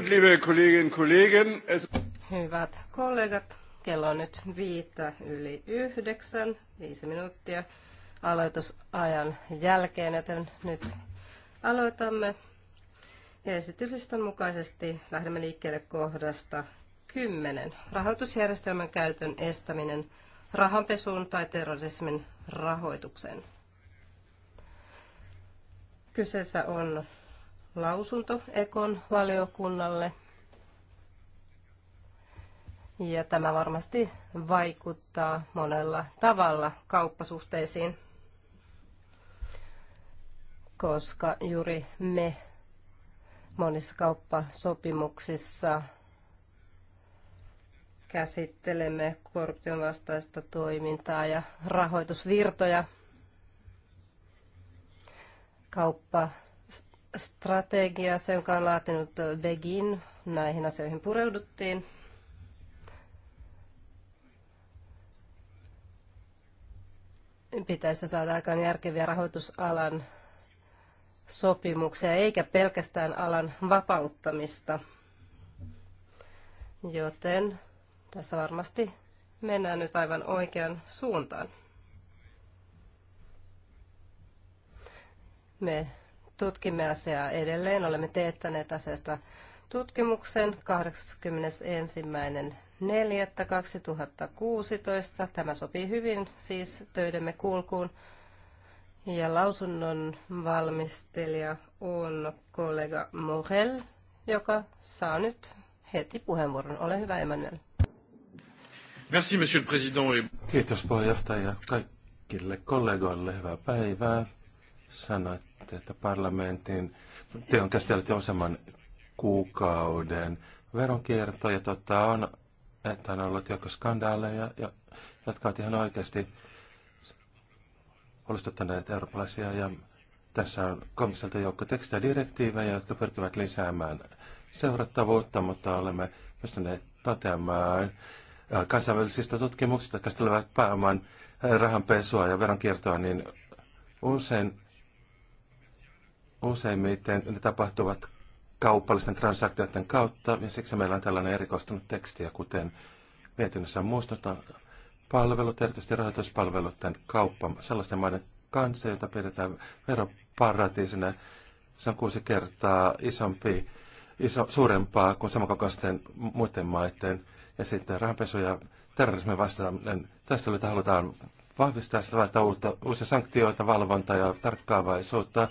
liebe Kolleginnen Kollegen, es... Hyvät kollegat, kello on nyt viittä yli yhdeksän, viisi minuuttia aloitusajan jälkeen, joten nyt aloitamme. Ja esityslistan mukaisesti lähdemme liikkeelle kohdasta 10. Rahoitusjärjestelmän käytön estäminen rahanpesuun tai terrorismin rahoitukseen. Kyseessä on lausunto Ekon valiokunnalle. Ja tämä varmasti vaikuttaa monella tavalla kauppasuhteisiin, koska juuri me monissa kauppasopimuksissa käsittelemme korruption vastaista toimintaa ja rahoitusvirtoja. Kauppa strategiassa, jonka on laatinut Begin, näihin asioihin pureuduttiin. Pitäisi saada aikaan järkeviä rahoitusalan sopimuksia, eikä pelkästään alan vapauttamista. Joten tässä varmasti mennään nyt aivan oikeaan suuntaan. Me tutkimme asiaa edelleen. Olemme teettäneet asiasta tutkimuksen 81.4.2016. Tämä sopii hyvin siis töidemme kulkuun. Ja lausunnon valmistelija on kollega Morel, joka saa nyt heti puheenvuoron. Ole hyvä, Emmanuel. Merci, monsieur le président. Kiitos puheenjohtaja kaikille kollegoille. Hyvää päivää. Sanoit että parlamentin te on käsitellyt useamman kuukauden ja tota on, että on ollut joko skandaaleja, jotka ovat ihan oikeasti huolestuttaneet eurooppalaisia. Ja tässä on komissiolta joukko tekstejä direktiivejä, jotka pyrkivät lisäämään seurattavuutta, mutta olemme pystyneet toteamaan kansainvälisistä tutkimuksista, jotka tulevat pääoman rahanpesua ja veronkiertoa, niin usein Useimmiten ne tapahtuvat kaupallisten transaktioiden kautta, ja siksi meillä on tällainen erikoistunut tekstiä, kuten mietinnössä muistutan, palvelut, erityisesti tämän kauppa sellaisten maiden kanssa, joita pidetään veroparatiisina. Se on kuusi kertaa isompi, iso, suurempaa kuin samankokoisten muiden maiden. Ja sitten rahanpesu ja terrorismin vastaaminen. Tässä oli, halutaan vahvistaa sitä, että uutta, uusia sanktioita, valvontaa ja tarkkaavaisuutta.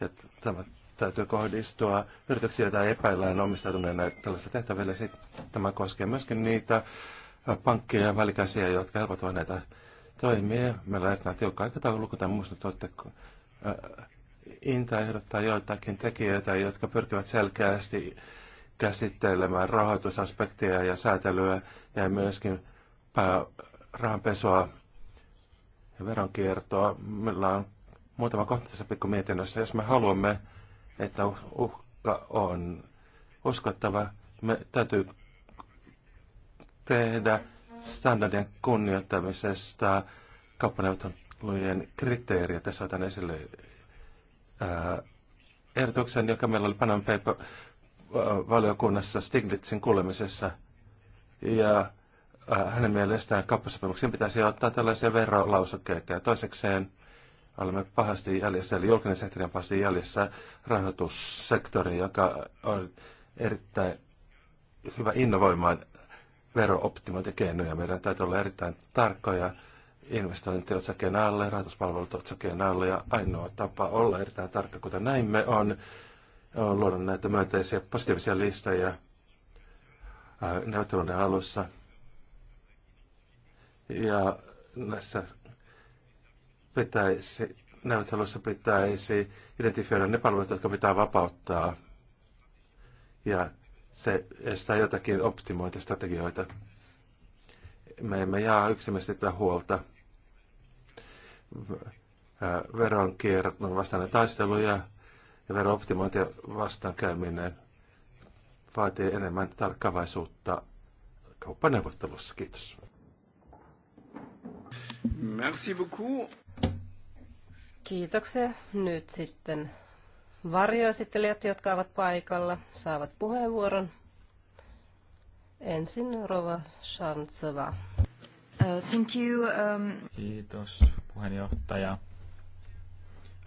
Ja Tämä täytyy kohdistua yrityksiä, tai epäillään omistautuneena tällaista tehtävillä. Tämä koskee myöskin niitä pankkeja ja välikäsiä, jotka helpottavat näitä toimia. Meillä on tiukka aikataulu, kuten muistutte, äh, Inta ehdottaa joitakin tekijöitä, jotka pyrkivät selkeästi käsittelemään rahoitusaspektia ja säätelyä ja myöskin rahanpesua ja veronkiertoa. Meillä on muutama kohta tässä pikku mietinnössä. Jos me haluamme, että uhka on uskottava, me täytyy tehdä standardien kunnioittamisesta kauppaneuvottelujen kriteeriä. Tässä otan esille ää, äh, ehdotuksen, joka meillä oli Panama Paper äh, valiokunnassa Stiglitzin kuulemisessa. Ja ää, äh, hänen mielestään kauppasopimuksiin pitäisi ottaa tällaisia verolausakkeita. Ja toisekseen olemme pahasti jäljessä, eli julkinen sektori on pahasti jäljessä rahoitussektori, joka on erittäin hyvä innovoimaan verooptimointikeinoja. Meidän täytyy olla erittäin tarkkoja investointiotsakeen alle, rahoituspalvelut otsakeen alle, ja ainoa tapa olla erittäin tarkka, kuten näimme, on, on luoda näitä myönteisiä positiivisia listoja äh, neuvotteluiden alussa. Ja näissä pitäisi, neuvottelussa pitäisi identifioida ne palvelut, jotka pitää vapauttaa. Ja se estää jotakin optimointistrategioita. Me emme jaa yksimielisesti tätä huolta. Veronkierron vastainen taistelu ja, ja optimointia vastaan käyminen vaatii enemmän tarkkavaisuutta kauppaneuvottelussa. Kiitos. Merci beaucoup. Kiitoksia. Nyt sitten varjoesittelijät, jotka ovat paikalla, saavat puheenvuoron. Ensin Rova Shantsova. Uh, thank you. Um... Kiitos puheenjohtaja.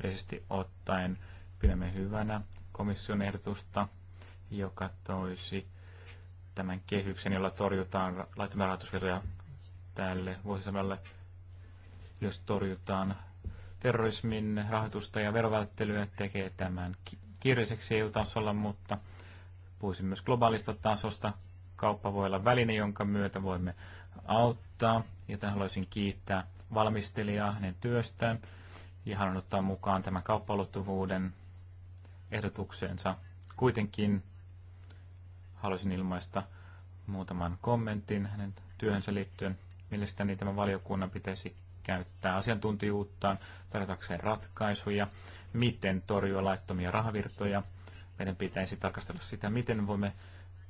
Yleisesti ottaen pidämme hyvänä komission ehdotusta, joka toisi tämän kehyksen, jolla torjutaan laittomia rahoitusvirtoja tälle vuosisadalle, jos torjutaan terrorismin rahoitusta ja verovälttelyä tekee tämän kiireiseksi EU-tasolla, mutta puhuisin myös globaalista tasosta. Kauppa voi olla väline, jonka myötä voimme auttaa, joten haluaisin kiittää valmistelijaa hänen työstään ja haluan ottaa mukaan tämän kauppaulottuvuuden ehdotukseensa. Kuitenkin haluaisin ilmaista muutaman kommentin hänen työhönsä liittyen. Mielestäni tämä valiokunnan pitäisi käyttää asiantuntijuuttaan tarjotakseen ratkaisuja, miten torjua laittomia rahavirtoja. Meidän pitäisi tarkastella sitä, miten voimme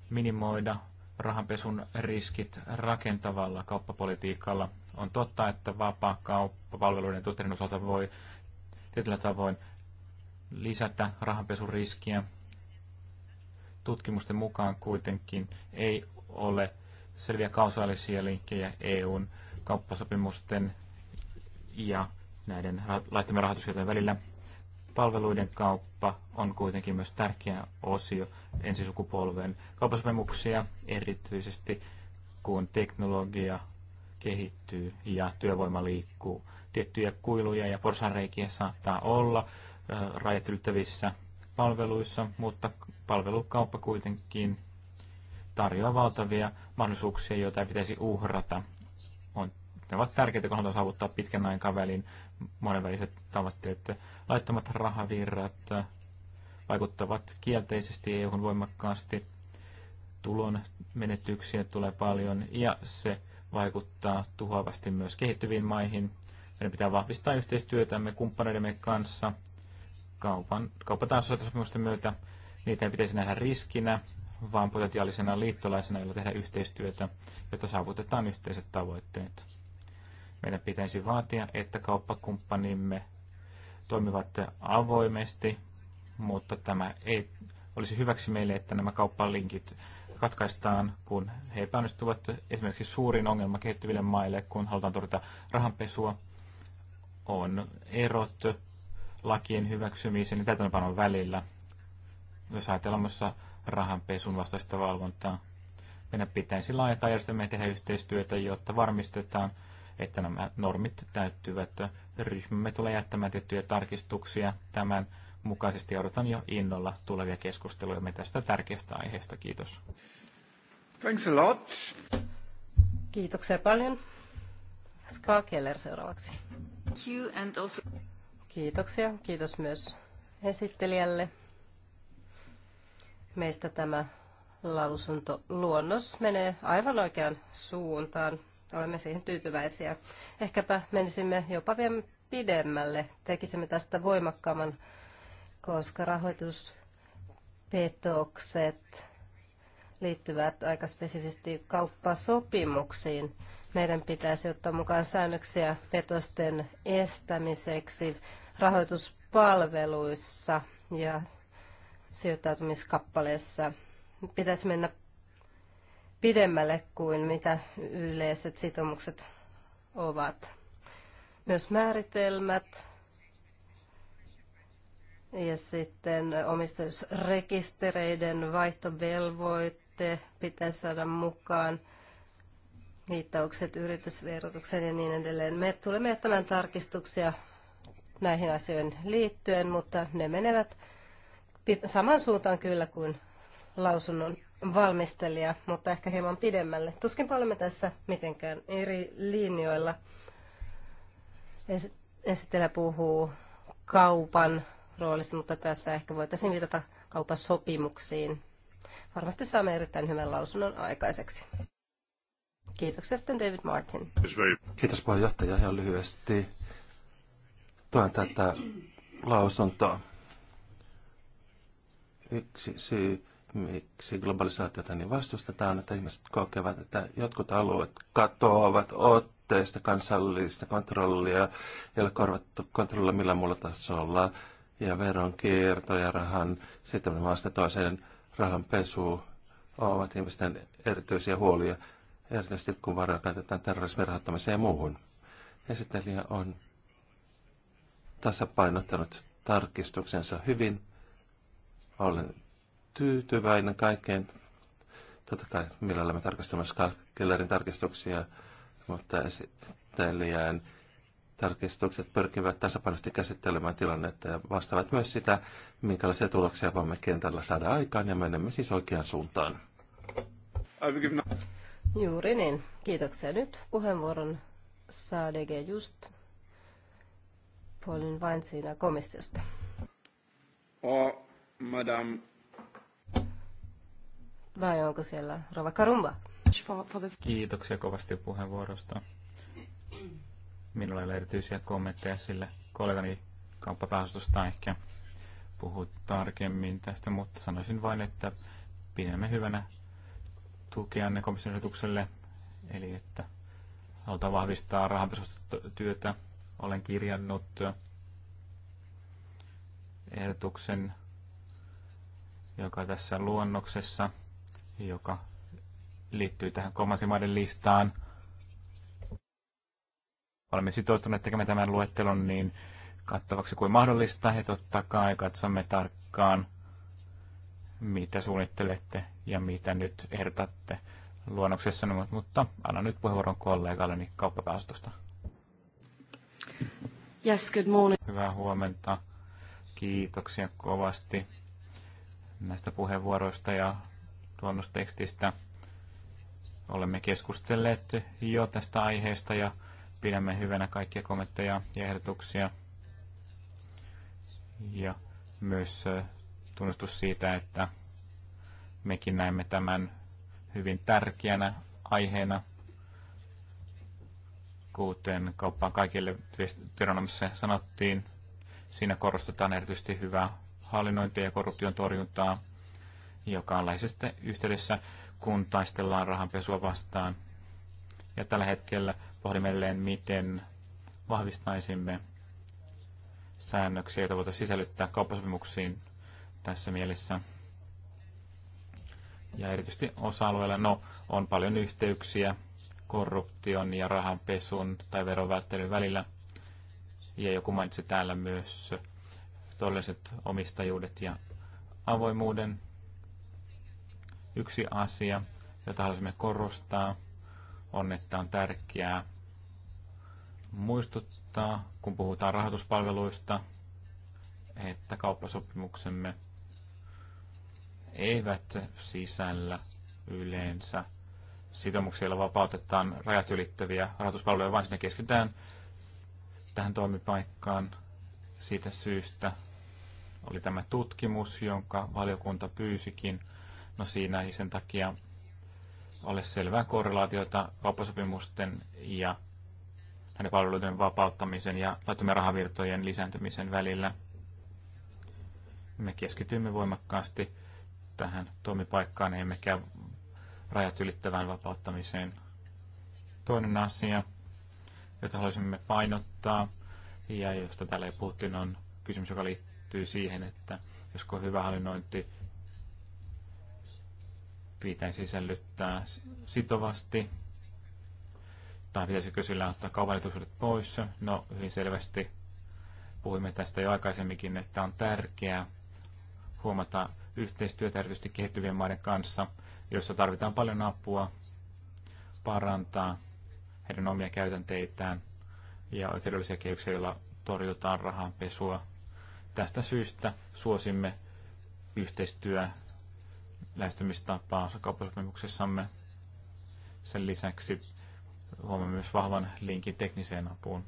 minimoida rahanpesun riskit rakentavalla kauppapolitiikalla. On totta, että vapaa kauppapalveluiden tuotteiden osalta voi tietyllä tavoin lisätä rahanpesun riskiä. Tutkimusten mukaan kuitenkin ei ole selviä kausaalisia linkkejä EUn kauppasopimusten ja näiden laittomien rahoitusvirtojen välillä. Palveluiden kauppa on kuitenkin myös tärkeä osio ensisukupolven kauppasopimuksia, erityisesti kun teknologia kehittyy ja työvoima liikkuu. Tiettyjä kuiluja ja porsanreikiä saattaa olla rajat ylittävissä palveluissa, mutta palvelukauppa kuitenkin tarjoaa valtavia mahdollisuuksia, joita ei pitäisi uhrata. On ne ovat tärkeitä, kun halutaan saavuttaa pitkän aikavälin monenväliset tavoitteet. Laittomat rahavirrat vaikuttavat kielteisesti EUhun voimakkaasti. Tulon menetyksiä tulee paljon ja se vaikuttaa tuhoavasti myös kehittyviin maihin. Meidän pitää vahvistaa yhteistyötämme kumppaneidemme kanssa kaupan, kauppatasosopimusten myötä. Niitä ei pitäisi nähdä riskinä, vaan potentiaalisena liittolaisena, jolla tehdä yhteistyötä, jotta saavutetaan yhteiset tavoitteet. Meidän pitäisi vaatia, että kauppakumppanimme toimivat avoimesti, mutta tämä ei olisi hyväksi meille, että nämä kauppalinkit katkaistaan, kun he epäonnistuvat. Esimerkiksi suurin ongelma kehittyville maille, kun halutaan torjuta rahanpesua, on erot lakien hyväksymisen ja täytäntöpanon välillä. Jos ajatellaan rahanpesun vastaista valvontaa, meidän pitäisi laajentaa järjestelmää tehdä yhteistyötä, jotta varmistetaan, että nämä normit täyttyvät. Ryhmämme tulee jättämään tiettyjä tarkistuksia tämän mukaisesti. Odotan jo innolla tulevia keskusteluja tästä tärkeästä aiheesta. Kiitos. Thanks a lot. Kiitoksia paljon. Ska Keller seuraavaksi. Kiitoksia. Kiitos myös esittelijälle. Meistä tämä lausuntoluonnos menee aivan oikeaan suuntaan. Olemme siihen tyytyväisiä. Ehkäpä menisimme jopa vielä pidemmälle, tekisimme tästä voimakkaamman, koska rahoituspetokset liittyvät aika spesifisesti kauppasopimuksiin. Meidän pitäisi ottaa mukaan säännöksiä petosten estämiseksi rahoituspalveluissa ja sijoittautumiskappaleissa. Pitäisi mennä pidemmälle kuin mitä yleiset sitoumukset ovat. Myös määritelmät ja sitten omistusrekistereiden vaihtovelvoitte pitäisi saada mukaan viittaukset yritysverotukseen ja niin edelleen. Me tulemme jättämään tarkistuksia näihin asioihin liittyen, mutta ne menevät saman suuntaan kyllä kuin lausunnon valmistelija, mutta ehkä hieman pidemmälle. Tuskin olemme tässä mitenkään eri linjoilla. Esittelijä puhuu kaupan roolista, mutta tässä ehkä voitaisiin viitata kaupasopimuksiin. Varmasti saamme erittäin hyvän lausunnon aikaiseksi. Kiitoksia sitten David Martin. Kiitos puheenjohtaja ihan lyhyesti. Tuen tätä lausuntoa. Yksi syy miksi globalisaatiota niin vastustetaan, että ihmiset kokevat, että jotkut alueet katoavat otteesta kansallista kontrollia, jolla korvattu kontrollilla millä muulla tasolla, ja veronkierto ja rahan sitten maasta toiseen rahan pesu ovat ihmisten erityisiä huolia, erityisesti kun varoja käytetään terrorismin rahoittamiseen ja muuhun. Esittelijä on tasapainottanut tarkistuksensa hyvin. Olen tyytyväinen kaikkeen. Totta kai, millä olemme tarkastamassa kellarin tarkistuksia, mutta esittelijän tarkistukset pyrkivät tasapainoisesti käsittelemään tilannetta ja vastaavat myös sitä, minkälaisia tuloksia voimme kentällä saada aikaan ja menemme siis oikeaan suuntaan. Juuri niin. Kiitoksia. Nyt puheenvuoron saa DG Just Paulin Weinsiina komissiosta. O, oh, madame vai onko siellä Rova Karumba? Kiitoksia kovasti puheenvuorosta. Minulla ei ole erityisiä kommentteja, sille kollegani kauppapäästöstä ehkä puhuu tarkemmin tästä, mutta sanoisin vain, että pidämme hyvänä tukeanne komission ehdotukselle, eli että halutaan vahvistaa rahanpesustyötä. Olen kirjannut ehdotuksen, joka tässä luonnoksessa joka liittyy tähän kolmansien maiden listaan. Olemme sitoutuneet tekemään tämän luettelon niin kattavaksi kuin mahdollista ja totta kai katsomme tarkkaan, mitä suunnittelette ja mitä nyt ehdotatte luonnoksessa, mutta annan nyt puheenvuoron kollegalleni niin kauppapäästöstä. Yes, good morning. Hyvää huomenta. Kiitoksia kovasti näistä puheenvuoroista ja luonnostekstistä. Olemme keskustelleet jo tästä aiheesta ja pidämme hyvänä kaikkia kommentteja ja ehdotuksia. Ja myös tunnustus siitä, että mekin näemme tämän hyvin tärkeänä aiheena, kuten kauppaan kaikille viranomaisille sanottiin. Siinä korostetaan erityisesti hyvää hallinnointia ja korruption torjuntaa joka on läheisesti yhteydessä, kun taistellaan rahanpesua vastaan. Ja tällä hetkellä pohdimme edelleen, miten vahvistaisimme säännöksiä, joita voitaisiin sisällyttää kauppasopimuksiin tässä mielessä. Ja erityisesti osa-alueella no, on paljon yhteyksiä korruption ja rahanpesun tai verovälttelyn välillä. Ja joku mainitsi täällä myös todelliset omistajuudet ja avoimuuden. Yksi asia, jota haluaisimme korostaa, on, että on tärkeää muistuttaa, kun puhutaan rahoituspalveluista, että kauppasopimuksemme eivät sisällä yleensä sitoumuksia, joilla vapautetaan rajat ylittäviä rahoituspalveluja, vaan sinne keskitytään tähän toimipaikkaan siitä syystä. Oli tämä tutkimus, jonka valiokunta pyysikin No siinä ei sen takia ole selvää korrelaatiota kauppasopimusten ja näiden palveluiden vapauttamisen ja laittomien rahavirtojen lisääntymisen välillä. Me keskitymme voimakkaasti tähän toimipaikkaan, emmekä rajat ylittävään vapauttamiseen. Toinen asia, jota haluaisimme painottaa, ja josta täällä ei puhuttiin, on kysymys, joka liittyy siihen, että josko hyvä hallinnointi pitäisi sisällyttää sitovasti, tai pitäisikö sillä ottaa kaupallisuudet pois. No, hyvin selvästi puhuimme tästä jo aikaisemminkin, että on tärkeää huomata yhteistyötä erityisesti kehittyvien maiden kanssa, jossa tarvitaan paljon apua parantaa heidän omia käytänteitään ja oikeudellisia kehyksiä, joilla torjutaan rahanpesua. Tästä syystä suosimme yhteistyö lähestymistapaa kauppasopimuksessamme. Sen lisäksi huomioon myös vahvan linkin tekniseen apuun.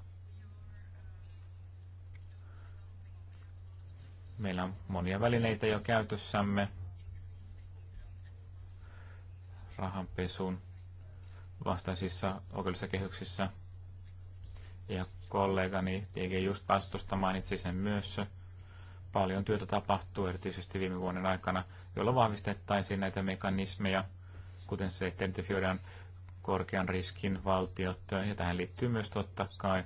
Meillä on monia välineitä jo käytössämme rahanpesun vastaisissa oikeudellisissa kehyksissä. Ja kollegani T.G. just päästöstä mainitsi sen myös paljon työtä tapahtuu erityisesti viime vuoden aikana, jolla vahvistettaisiin näitä mekanismeja, kuten se, että identifioidaan korkean riskin valtiot, ja tähän liittyy myös totta kai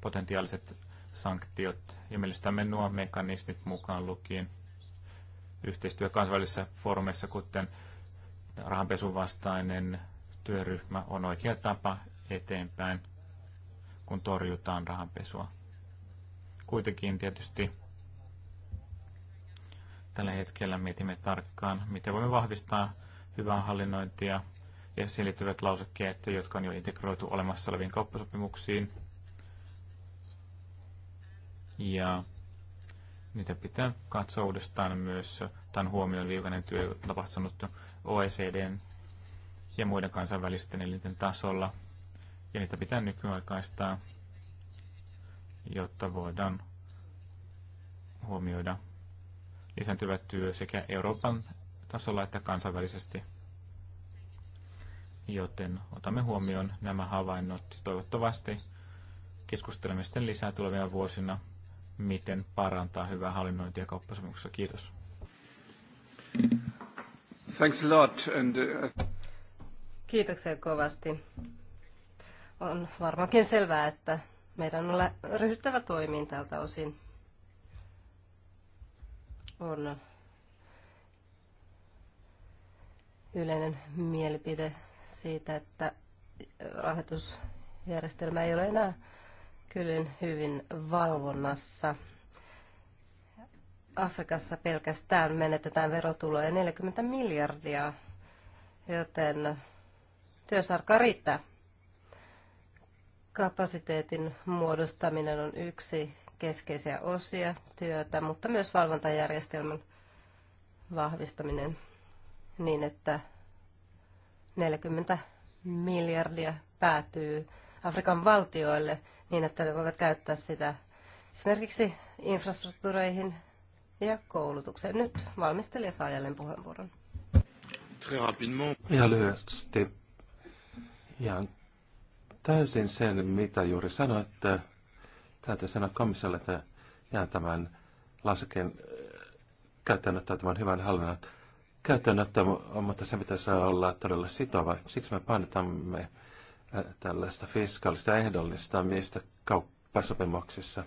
potentiaaliset sanktiot, ja mielestämme nuo mekanismit mukaan lukien yhteistyö kansainvälisissä foorumeissa, kuten rahanpesun vastainen työryhmä on oikea tapa eteenpäin, kun torjutaan rahanpesua. Kuitenkin tietysti Tällä hetkellä mietimme tarkkaan, miten voimme vahvistaa hyvää hallinnointia ja siihen liittyvät lausekkeet, jotka on jo integroitu olemassa oleviin kauppasopimuksiin. Ja niitä pitää katsoa uudestaan myös tämän huomioon viikainen työ, tapahtunut OECDn ja muiden kansainvälisten elinten tasolla. Ja niitä pitää nykyaikaistaa, jotta voidaan huomioida lisääntyvä työ sekä Euroopan tasolla että kansainvälisesti. Joten otamme huomioon nämä havainnot. Toivottavasti keskustelemme sitten lisää tulevina vuosina, miten parantaa hyvää hallinnointia kauppasopimuksessa. Kiitos. Thanks a lot and, uh... Kiitoksia kovasti. On varmaankin selvää, että meidän on ryhdyttävä toimiin tältä osin on yleinen mielipide siitä, että rahoitusjärjestelmä ei ole enää kyllin hyvin valvonnassa. Afrikassa pelkästään menetetään verotuloja 40 miljardia, joten työsarka riittää. Kapasiteetin muodostaminen on yksi keskeisiä osia työtä, mutta myös valvontajärjestelmän vahvistaminen niin, että 40 miljardia päätyy Afrikan valtioille niin, että ne voivat käyttää sitä esimerkiksi infrastruktuureihin ja koulutukseen. Nyt valmistelija saa jälleen puheenvuoron. Ihan lyhyesti. Ihan täysin sen, mitä juuri sanoitte. Täytyy sanoa komissiolle, että jään tämän lasken äh, käyttöönottaa tämän hyvän hallinnan käyttöönottoa, mutta se pitäisi olla todella sitova. Siksi me painotamme äh, tällaista fiskaalista miestä kauppasopimuksissa.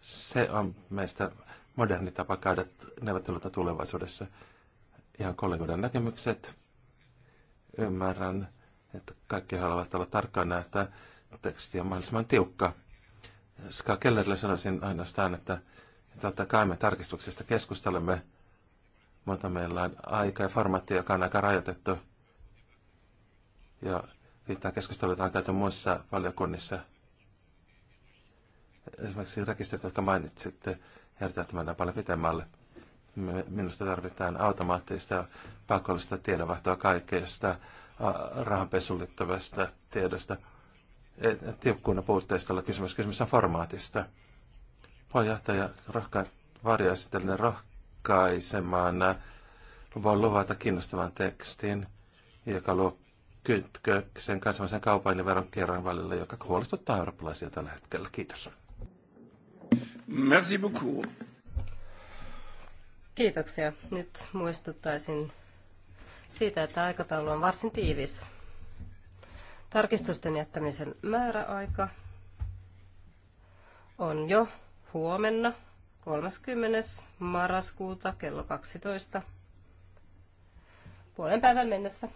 Se on meistä moderni tapa käydä neuvotteluita tulevaisuudessa. Ihan kollegoiden näkemykset. Ymmärrän, että kaikki haluavat olla tarkkana, että teksti on mahdollisimman tiukka. Ska Kellerille sanoisin ainoastaan, että totta kai me tarkistuksesta keskustelemme, mutta meillä on aika ja formaatti, joka on aika rajoitettu. Ja viittaa keskusteluita jota on käyty muissa valiokunnissa. Esimerkiksi rekisterit, jotka mainitsitte, järjestetään mennään paljon pitemmälle. Minusta tarvitaan automaattista pakollista tiedonvaihtoa kaikkeesta rahanpesuun liittyvästä tiedosta tiukkuina puutteista ole kysymys. Kysymys on formaatista. Puheenjohtaja rohkaa, varjaisitellen rahkaisemaan voin luvata kiinnostavan tekstin, joka luo kytköksen kansainvälisen kaupan ja kerran välillä, joka huolestuttaa eurooppalaisia tällä hetkellä. Kiitos. Merci beaucoup. Kiitoksia. Nyt muistuttaisin siitä, että aikataulu on varsin tiivis. Tarkistusten jättämisen määräaika on jo huomenna 30. marraskuuta kello 12 puolen päivän mennessä.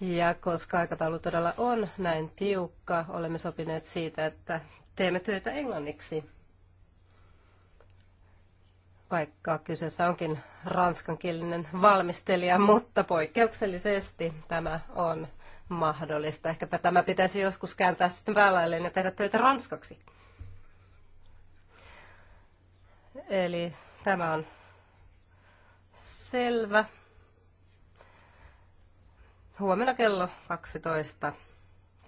Ja koska aikataulu todella on näin tiukka, olemme sopineet siitä, että teemme työtä englanniksi. Vaikka kyseessä onkin ranskankielinen valmistelija, mutta poikkeuksellisesti tämä on mahdollista. Ehkäpä tämä pitäisi joskus kääntää sitten päälailleen ja tehdä töitä ranskaksi. Eli tämä on selvä. Huomenna kello 12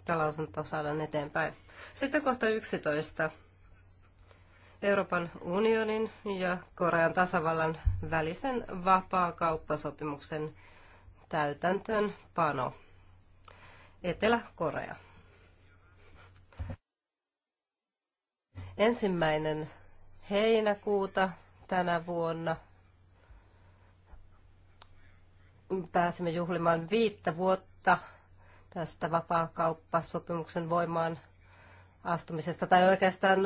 lausunto saadaan eteenpäin. Sitten kohta 11. Euroopan unionin ja Korean tasavallan välisen vapaakauppasopimuksen täytäntöönpano. pano. Etelä-Korea. Ensimmäinen heinäkuuta tänä vuonna pääsimme juhlimaan viittä vuotta tästä vapaakauppasopimuksen voimaan astumisesta. Tai oikeastaan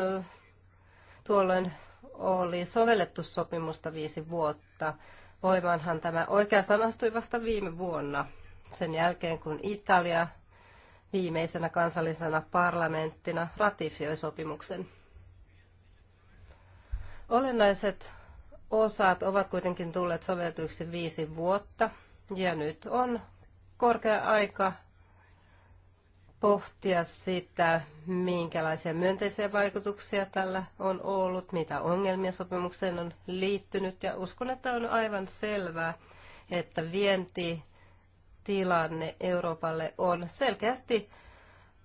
tuolloin oli sovellettu sopimusta viisi vuotta. Voimaanhan tämä oikeastaan astui vasta viime vuonna, sen jälkeen kun Italia viimeisenä kansallisena parlamenttina ratifioi sopimuksen. Olennaiset osat ovat kuitenkin tulleet sovelletuiksi viisi vuotta ja nyt on korkea aika pohtia sitä, minkälaisia myönteisiä vaikutuksia tällä on ollut, mitä ongelmia sopimukseen on liittynyt ja uskon, että on aivan selvää, että vienti tilanne Euroopalle on selkeästi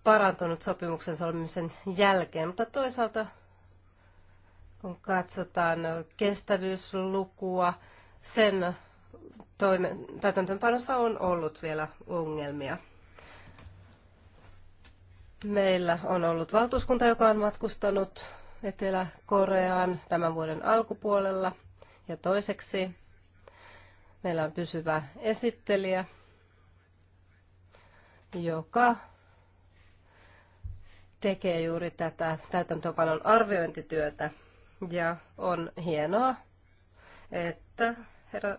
parantunut sopimuksen solmimisen jälkeen, mutta toisaalta kun katsotaan kestävyyslukua, sen toimen, täytäntöönpanossa on ollut vielä ongelmia. Meillä on ollut valtuuskunta, joka on matkustanut Etelä-Koreaan tämän vuoden alkupuolella. Ja toiseksi meillä on pysyvä esittelijä joka tekee juuri tätä täytäntöpanon arviointityötä. Ja on hienoa, että herra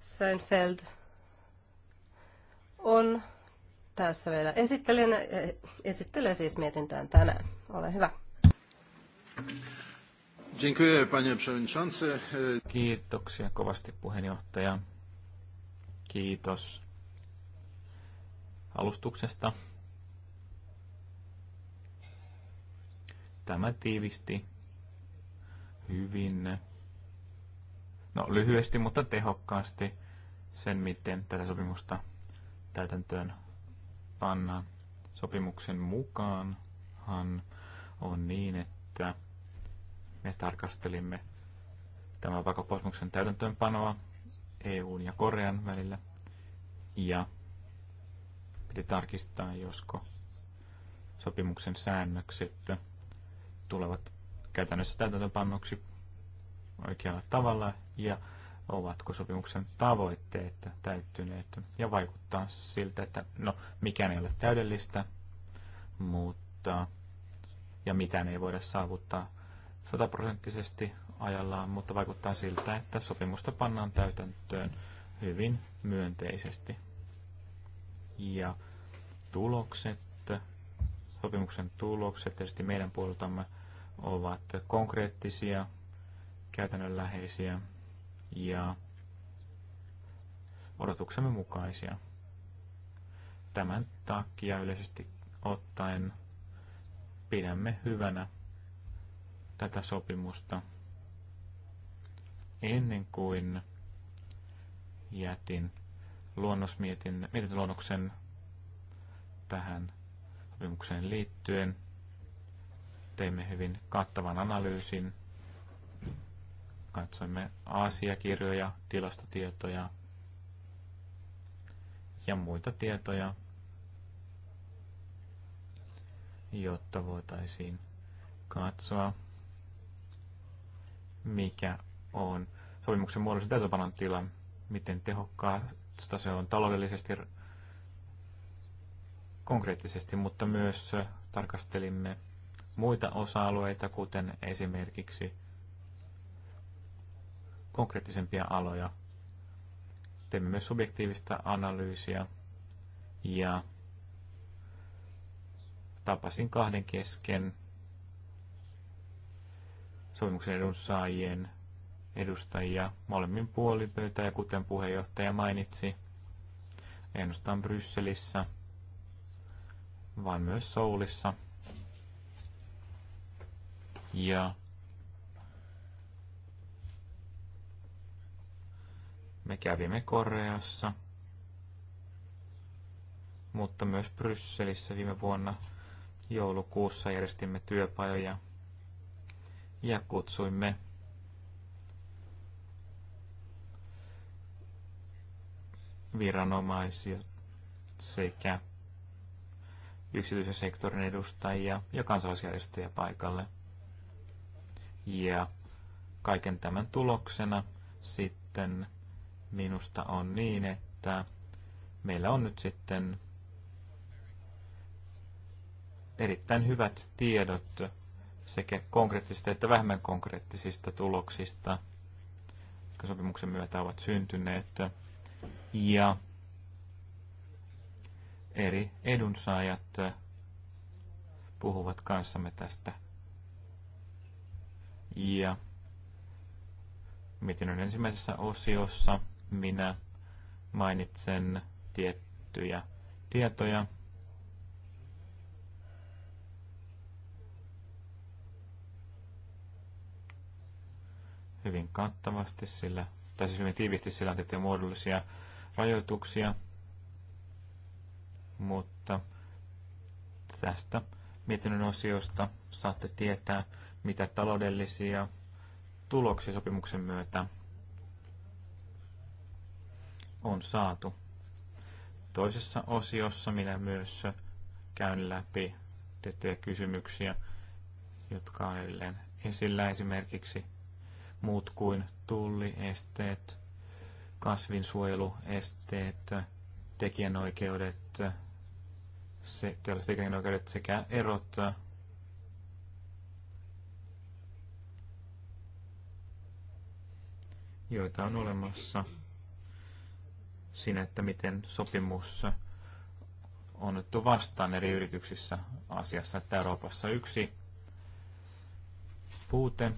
Seinfeld on tässä vielä esittelijänä, e, esittelee siis mietintään tänään. Ole hyvä. Kiitoksia kovasti puheenjohtaja. Kiitos alustuksesta. Tämä tiivisti hyvin, no lyhyesti, mutta tehokkaasti sen, miten tätä sopimusta täytäntöön pannaan. Sopimuksen mukaanhan on niin, että me tarkastelimme tämän vakauppasopimuksen täytäntöönpanoa EUn ja Korean välillä ja piti tarkistaa, josko sopimuksen säännökset tulevat käytännössä täytäntöpannoksi oikealla tavalla ja ovatko sopimuksen tavoitteet täyttyneet ja vaikuttaa siltä, että no mikään ei ole täydellistä, mutta ja mitään ei voida saavuttaa sataprosenttisesti ajallaan, mutta vaikuttaa siltä, että sopimusta pannaan täytäntöön hyvin myönteisesti ja tulokset, sopimuksen tulokset tietysti meidän puoleltamme ovat konkreettisia, käytännönläheisiä ja odotuksemme mukaisia. Tämän takia yleisesti ottaen pidämme hyvänä tätä sopimusta ennen kuin jätin luonnosmietin, mietintöluonnoksen tähän sopimukseen liittyen. Teimme hyvin kattavan analyysin. Katsoimme asiakirjoja, tilastotietoja ja muita tietoja, jotta voitaisiin katsoa, mikä on sopimuksen muodollisen täytäntöpanon tila miten tehokkaasta se on taloudellisesti konkreettisesti, mutta myös tarkastelimme muita osa-alueita, kuten esimerkiksi konkreettisempia aloja. Teemme myös subjektiivista analyysiä ja tapasin kahden kesken sopimuksen edunsaajien edustajia molemmin puolin pöytää, kuten puheenjohtaja mainitsi, ennustan Brysselissä, vaan myös Soulissa. Ja me kävimme Koreassa, mutta myös Brysselissä viime vuonna joulukuussa järjestimme työpajoja ja kutsuimme viranomaisia sekä yksityisen sektorin edustajia ja kansalaisjärjestöjä paikalle. Ja kaiken tämän tuloksena sitten minusta on niin, että meillä on nyt sitten erittäin hyvät tiedot sekä konkreettisista että vähemmän konkreettisista tuloksista, jotka sopimuksen myötä ovat syntyneet ja eri edunsaajat äh, puhuvat kanssamme tästä. Ja miten on ensimmäisessä osiossa minä mainitsen tiettyjä tietoja, hyvin kattavasti, sillä tai siis hyvin tiivisti sillä on tiettyjä muodollisia rajoituksia, mutta tästä mietinnön osiosta saatte tietää, mitä taloudellisia tuloksia sopimuksen myötä on saatu. Toisessa osiossa minä myös käyn läpi tiettyjä kysymyksiä, jotka on edelleen esillä esimerkiksi muut kuin tulliesteet, kasvinsuojeluesteet, tekijänoikeudet, se, tekijänoikeudet sekä erot joita on olemassa siinä, että miten sopimus on otettu vastaan eri yrityksissä asiassa, että Euroopassa yksi puute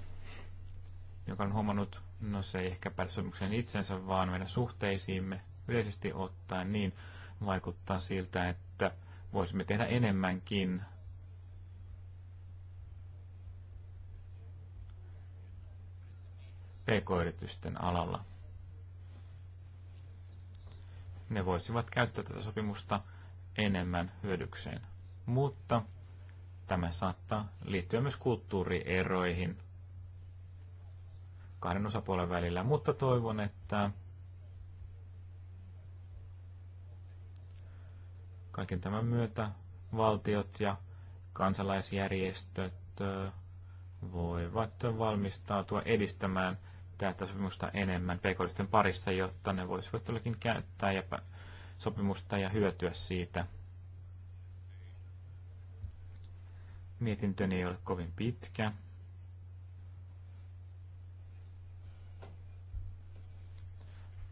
joka on huomannut, no se ei ehkä päädy itsensä, vaan meidän suhteisiimme yleisesti ottaen, niin vaikuttaa siltä, että voisimme tehdä enemmänkin. PK-yritysten alalla. Ne voisivat käyttää tätä sopimusta enemmän hyödykseen. Mutta tämä saattaa liittyä myös kulttuurieroihin – kahden osapuolen välillä, mutta toivon, että kaiken tämän myötä valtiot ja kansalaisjärjestöt voivat valmistautua edistämään tätä sopimusta enemmän pk parissa, jotta ne voisivat todellakin käyttää ja sopimusta ja hyötyä siitä. Mietintöni ei ole kovin pitkä.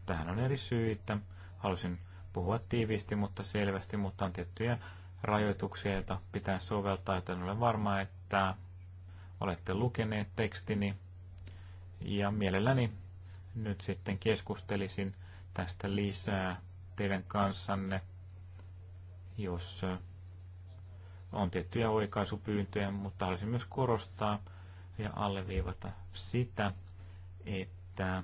Tähän on eri syitä. Halusin puhua tiiviisti, mutta selvästi, mutta on tiettyjä rajoituksia, joita pitää soveltaa, joten olen varma, että olette lukeneet tekstini. Ja mielelläni nyt sitten keskustelisin tästä lisää teidän kanssanne, jos on tiettyjä oikaisupyyntöjä, mutta haluaisin myös korostaa ja alleviivata sitä, että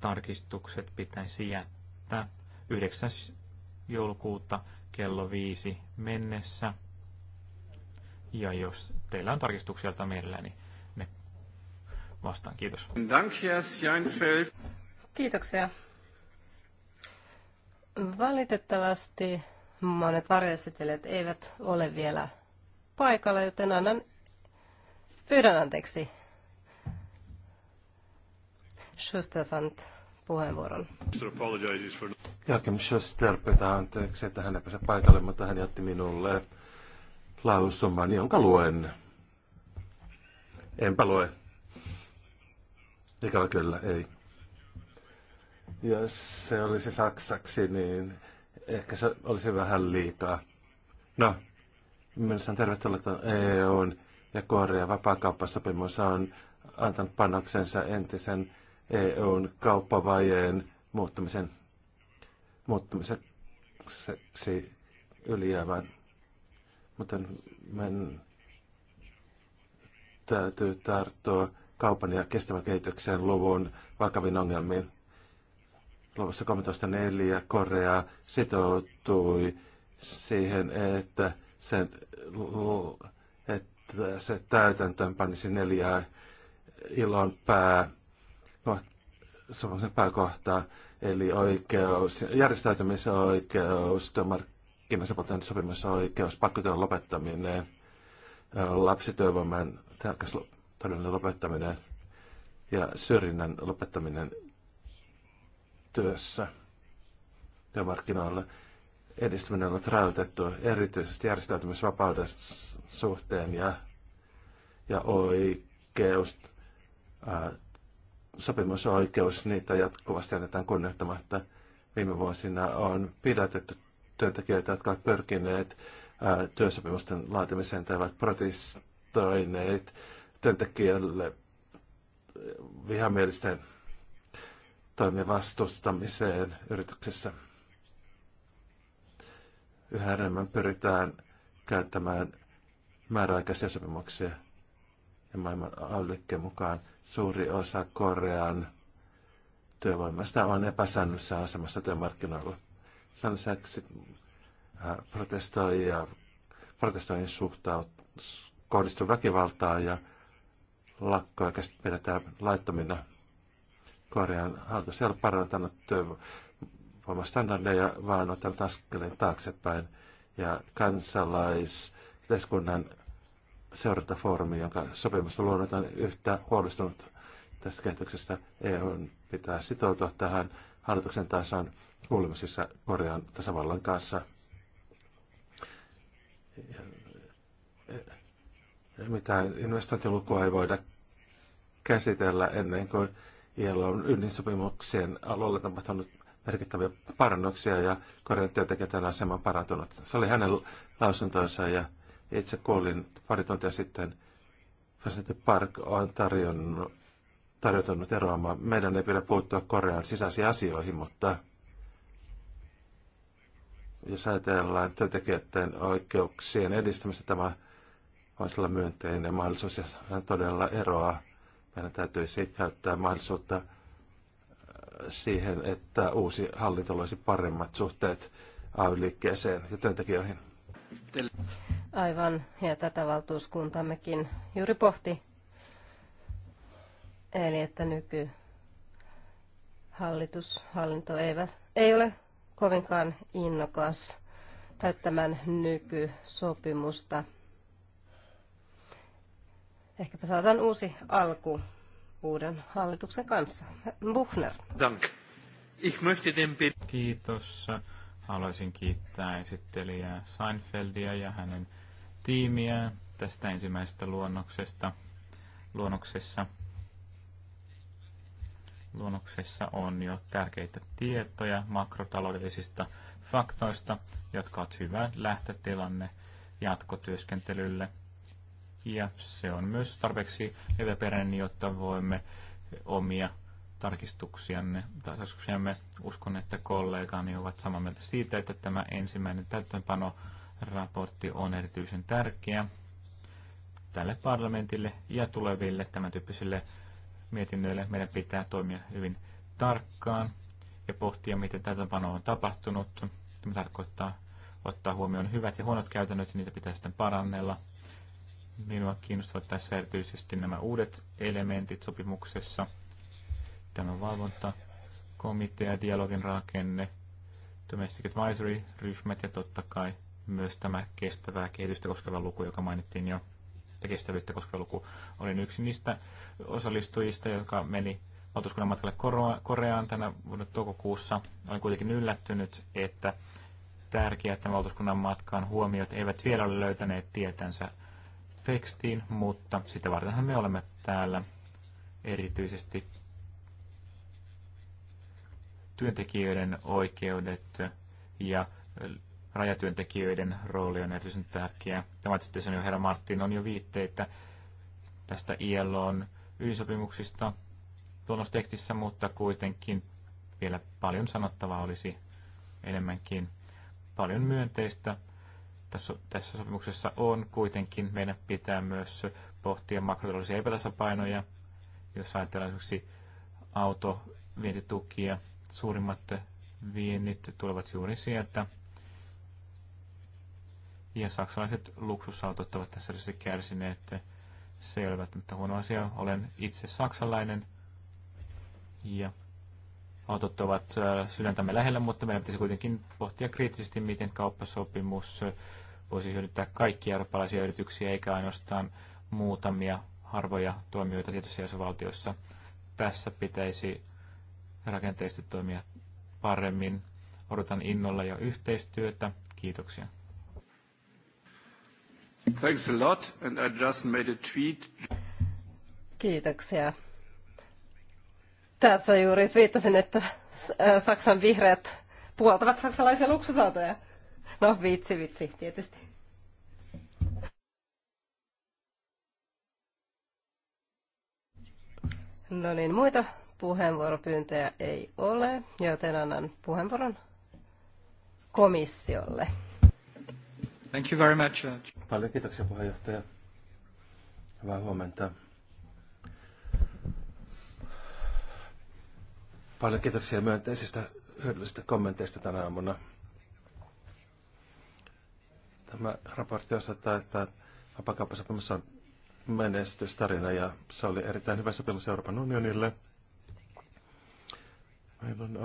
tarkistukset pitäisi jättää 9. joulukuuta kello 5 mennessä. Ja jos teillä on tarkistuksia joilta mielellä, niin ne vastaan. Kiitos. Kiitoksia. Valitettavasti monet varjoesittelijät eivät ole vielä paikalla, joten annan, pyydän anteeksi Schuster puheenvuoron. Joakim Schuster pyytää anteeksi, että hän ei pääse paikalle, mutta hän jätti minulle lausuman, jonka luen. Enpä lue. Ikävä kyllä, ei. Jos se olisi saksaksi, niin ehkä se olisi vähän liikaa. No, mielestäni tervetuloa EUn e ja Korean vapaakauppasopimus on antanut panoksensa entisen EUn kauppavajeen muuttumisen, muuttumiseksi ylijäävän. Mutta meidän täytyy tarttua kaupan ja kestävän kehityksen luvun vakavin ongelmiin. Luvussa 13.4 Korea sitoutui siihen, että, sen, että se täytäntöön panisi neljää ilon pää sopimuksen pääkohtaa, eli oikeus, oikeus järjestäytymisoikeus, työmarkkinasopimusten oikeus pakkotyön lopettaminen, lapsityövoiman tarkas todellinen lopettaminen ja syrjinnän lopettaminen työssä työmarkkinoilla. edistyminen on rajoitettu erityisesti järjestäytymisvapauden suhteen ja, ja oikeus ää, sopimusoikeus, niitä jatkuvasti jätetään kunnioittamatta. Viime vuosina on pidätetty työntekijöitä, jotka ovat pyrkineet työsopimusten laatimiseen tai ovat protestoineet työntekijälle vihamielisten toimien vastustamiseen yrityksessä. Yhä enemmän pyritään käyttämään määräaikaisia sopimuksia – ja maailman allikkeen mukaan suuri osa Korean työvoimasta on epäsäännöllisessä asemassa työmarkkinoilla. Sen lisäksi äh, protestoijia, protestoijien suhtaut, kohdistuu väkivaltaa ja lakkoja pidetään laittomina. Korean hallitus ei ole parantanut työvoimastandardeja, vaan ottanut askeleen taaksepäin ja kansalaisyhteiskunnan seurantafoorumi, jonka sopimusta luonnotaan yhtä huolestunut tästä kehityksestä. EU pitää sitoutua tähän hallituksen tasan kuulemisissa Korean tasavallan kanssa. Mitään investointilukua ei voida käsitellä ennen kuin on ydinsopimuksien alueella tapahtunut merkittäviä parannuksia ja Korean työntekijöiden asema parantunut. Se oli hänen lausuntonsa ja itse kuulin pari tuntia sitten, että Park on tarjonnut, eroamaan. Meidän ei pidä puuttua Korean sisäisiin asioihin, mutta jos ajatellaan työntekijöiden oikeuksien edistämistä, tämä voisi olla myönteinen mahdollisuus ja todella eroa. Meidän täytyisi käyttää mahdollisuutta äh, siihen, että uusi hallinto olisi paremmat suhteet AY-liikkeeseen ja työntekijöihin aivan, ja tätä valtuuskuntammekin juuri pohti. Eli että nykyhallitus, hallinto eivät, ei ole kovinkaan innokas täyttämään nykysopimusta. Ehkäpä saadaan uusi alku uuden hallituksen kanssa. Buchner. Dank. Ich möchte den Kiitos. Haluaisin kiittää esittelijää Seinfeldia ja hänen tiimiä tästä ensimmäisestä luonnoksesta. Luonnoksessa, luonnoksessa on jo tärkeitä tietoja makrotaloudellisista faktoista, jotka ovat hyvä lähtötilanne jatkotyöskentelylle. Ja se on myös tarpeeksi leväperäinen, jotta voimme omia tarkistuksianne, tarkistuksiamme. Uskon, että kollegani ovat samaa mieltä siitä, että tämä ensimmäinen täyttöönpano raportti on erityisen tärkeä tälle parlamentille ja tuleville tämän tyyppisille mietinnöille. Meidän pitää toimia hyvin tarkkaan ja pohtia, miten panoa on tapahtunut. Tämä tarkoittaa ottaa huomioon hyvät ja huonot käytännöt ja niitä pitää sitten parannella. Minua kiinnostavat tässä erityisesti nämä uudet elementit sopimuksessa. Tämä valvonta, komitea, dialogin rakenne, domestic advisory-ryhmät ja totta kai – myös tämä kestävää kehitystä koskeva luku, joka mainittiin jo, ja kestävyyttä koskeva luku, olin yksi niistä osallistujista, joka meni valtuuskunnan matkalle Koreaan tänä vuonna toukokuussa. Olen kuitenkin yllättynyt, että tärkeää että valtuuskunnan matkaan huomiot eivät vielä ole löytäneet tietänsä tekstiin, mutta sitä vartenhan me olemme täällä erityisesti työntekijöiden oikeudet ja rajatyöntekijöiden rooli on erityisen tärkeä. Tämä sitten sen jo herra Martin on jo viitteitä tästä ILOn ydinsopimuksista tuonnostekstissä, mutta kuitenkin vielä paljon sanottavaa olisi enemmänkin. Paljon myönteistä tässä, tässä sopimuksessa on kuitenkin. Meidän pitää myös pohtia makrotaloudellisia epätasapainoja, jos ajatellaan esimerkiksi autovientitukia. Suurimmat viennit tulevat juuri sieltä ja saksalaiset luksusautot ovat tässä tietysti kärsineet selvät, mutta huono asia. Olen itse saksalainen ja autot ovat äh, sydäntämme lähellä, mutta meidän pitäisi kuitenkin pohtia kriittisesti, miten kauppasopimus äh, voisi hyödyttää kaikkia eurooppalaisia yrityksiä, eikä ainoastaan muutamia harvoja toimijoita tietyissä jäsenvaltioissa. Tässä pitäisi rakenteisesti toimia paremmin. Odotan innolla ja yhteistyötä. Kiitoksia. Thanks a lot, and I just made a tweet. Kiitoksia. Tässä juuri viittasin, että äh, Saksan vihreät puoltavat saksalaisia luksusautoja. No vitsi, vitsi, tietysti. No niin, muita puheenvuoropyyntöjä ei ole, joten annan puheenvuoron komissiolle. Thank you very much. Uh, Paljon kiitoksia puheenjohtaja. Hyvää huomenta. Paljon kiitoksia myönteisistä hyödyllisistä kommenteista tänä aamuna. Tämä raportti osoittaa, että vapakauppasopimus on menestystarina ja se oli erittäin hyvä sopimus Euroopan unionille. Meillä on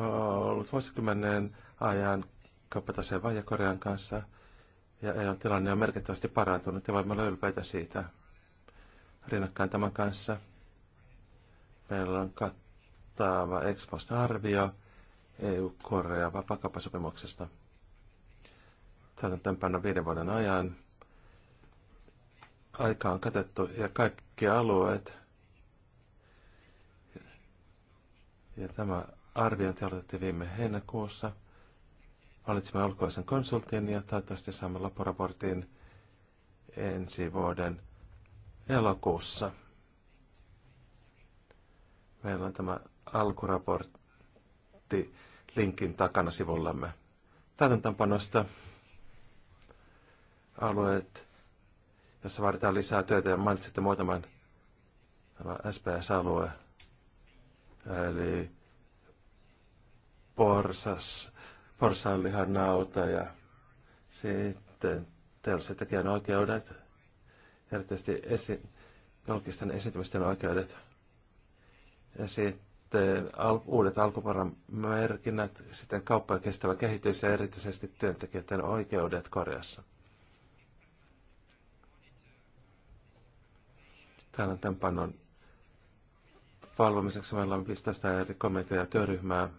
ollut vuosikymmenen ajan kauppataseen vaihe Korean kanssa – ja tilanne on merkittävästi parantunut ja voimme olla ylpeitä siitä. Rinnakkain tämän kanssa meillä on kattaava Expost-arvio EU-Korea vapakauppasopimuksesta. on viiden vuoden ajan. Aika on katettu ja kaikki alueet. Ja tämä arviointi aloitettiin viime heinäkuussa – Valitsimme ulkoisen konsultin ja toivottavasti saamme loppuraportin ensi vuoden elokuussa. Meillä on tämä alkuraportti linkin takana sivullamme. Täytäntöönpanosta alueet, jossa vaaditaan lisää työtä ja mainitsitte muutaman tämä SPS-alue, eli Porsas, porsaanlihan nauta ja sitten teolliset oikeudet, erityisesti esi- julkisten esitymisten oikeudet ja sitten al- uudet merkinnät, sitten kauppa ja kestävä kehitys ja erityisesti työntekijöiden oikeudet Koreassa. Täällä tämän pannon valvomiseksi meillä on 15 eri komitea ja työryhmää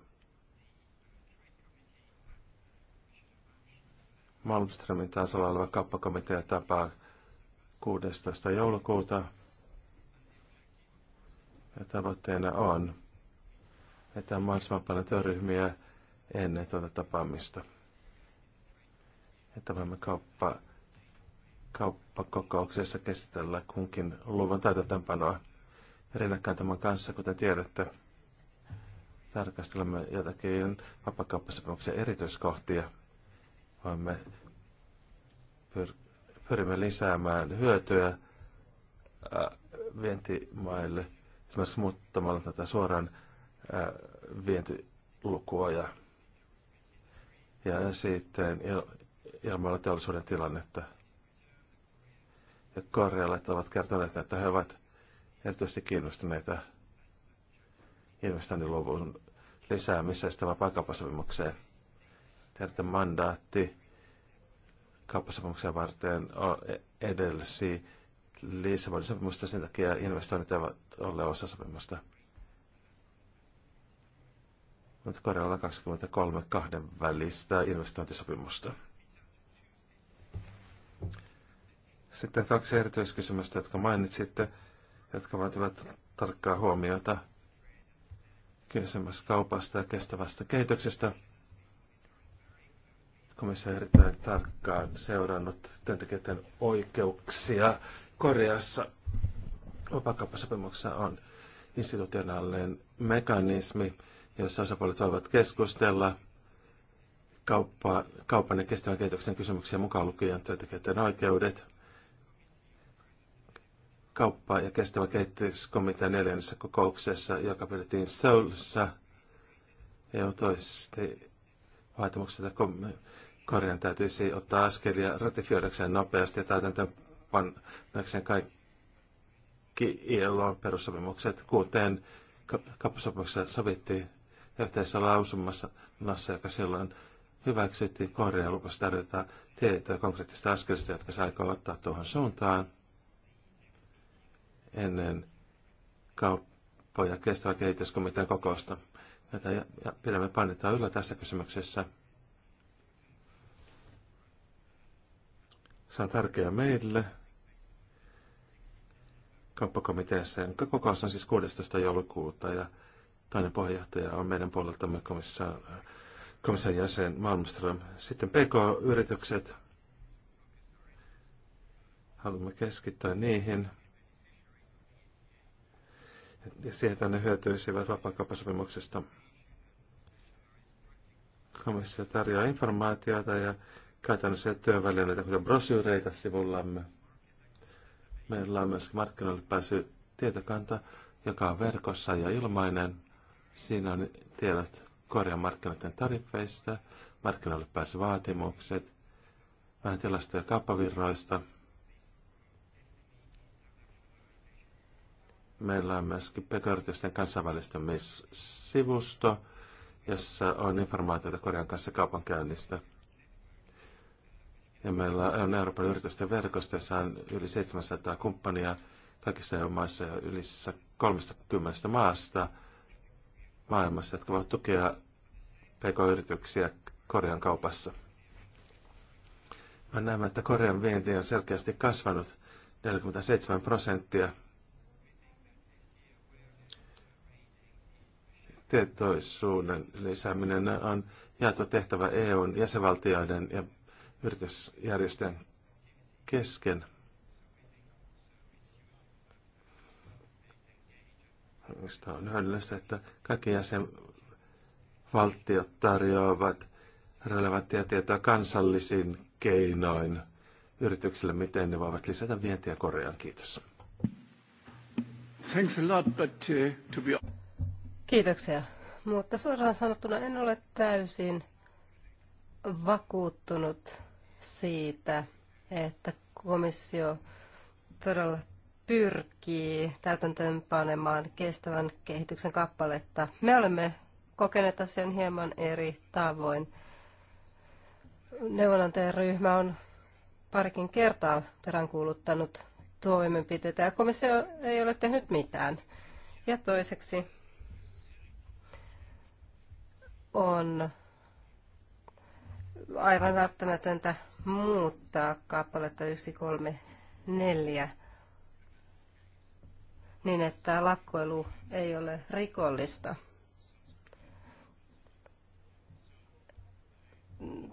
Malmströmin tasolla oleva kappakomitea tapaa 16. joulukuuta. Ja tavoitteena on, että on mahdollisimman paljon työryhmiä ennen tuota tapaamista. Että voimme kauppa, kauppakokouksessa käsitellä kunkin luvan täytäntöönpanoa rinnakkain tämän kanssa, kuten tiedätte. Tarkastelemme jotakin vapakauppasopimuksen erityiskohtia – vaan me pyrimme lisäämään hyötyä vientimaille esimerkiksi muuttamalla tätä suoraan vientilukua ja, ja sitten il, ilmailla teollisuuden tilannetta. Ja korealaiset ovat kertoneet, että he ovat erityisesti kiinnostuneita luvun lisäämisestä vapaa-kauppasopimukseen tehdä mandaatti kauppasopimuksia varten e, edelsi Lissabonin sopimusta, sen takia investoinnit eivät ole osa sopimusta. Mutta korjalla 23 kahden välistä investointisopimusta. Sitten kaksi erityiskysymystä, jotka mainitsitte, jotka vaativat tarkkaa huomiota. Kysymys kaupasta ja kestävästä kehityksestä komissio on erittäin tarkkaan seurannut työntekijöiden oikeuksia. Koreassa vapakauppasopimuksessa on institutionaalinen mekanismi, jossa osapuolet voivat keskustella kauppa, kaupan ja kestävän kehityksen kysymyksiä mukaan lukien työntekijöiden oikeudet. Kauppa- ja kestävä kehityskomitean neljännessä kokouksessa, joka pidettiin Seulissa, EU toisti vaatimukset, että Korean täytyisi ottaa askelia ratifioidakseen nopeasti ja täytäntöönpannakseen kaikki ILOn perussopimukset, kuuteen kappasopimuksessa sovittiin yhteisessä lausumassa, joka silloin hyväksyttiin. Korea lupasi tarjota tietoa konkreettista askelista, jotka se aikoo ottaa tuohon suuntaan ennen kauppoja kestävä kehityskomitean kokousta. ja, ja pidämme painetta yllä tässä kysymyksessä. Se on tärkeää meille. Kauppakomiteassa, jonka kokous on siis 16. joulukuuta ja toinen puheenjohtaja on meidän puoleltamme komissaari komission jäsen Malmström. Sitten PK-yritykset. Haluamme keskittyä niihin. Ja sieltä ne hyötyisivät vapaakauppasopimuksesta. Komissio tarjoaa informaatiota ja käytännössä työvälineitä, kuten brosyyreitä sivullamme. Meillä on myös markkinoille pääsy tietokanta, joka on verkossa ja ilmainen. Siinä on tiedot Korean markkinoiden tariffeista, markkinoille vaatimukset, vähän tilastoja kauppavirroista. Meillä on myöskin pekoyritysten kansainvälistymissivusto, jossa on informaatiota Korean kanssa kaupankäynnistä – ja meillä on Euroopan yritysten verkostossa on yli 700 kumppania kaikissa EU-maissa ja yli 30 maasta maailmassa, jotka voivat tukea pk-yrityksiä Korean kaupassa. Mä näemme, että Korean vienti on selkeästi kasvanut 47 prosenttia. Tietoisuuden lisääminen on jaettu tehtävä EUn jäsenvaltioiden ja yritysjärjestön kesken. Mistä on hyödyllistä, että kaikki jäsenvaltiot tarjoavat relevanttia tietoa kansallisin keinoin yrityksille, miten ne voivat lisätä vientiä Koreaan. Kiitos. Thanks a lot, but, uh, to be... Kiitoksia. Mutta suoraan sanottuna en ole täysin vakuuttunut siitä, että komissio todella pyrkii täytäntöönpanemaan kestävän kehityksen kappaletta. Me olemme kokeneet asian hieman eri tavoin. Neuvonantajan ryhmä on parikin kertaa peräänkuuluttanut toimenpiteitä ja komissio ei ole tehnyt mitään. Ja toiseksi on aivan välttämätöntä muuttaa kappaletta 134 niin, että lakkoilu ei ole rikollista.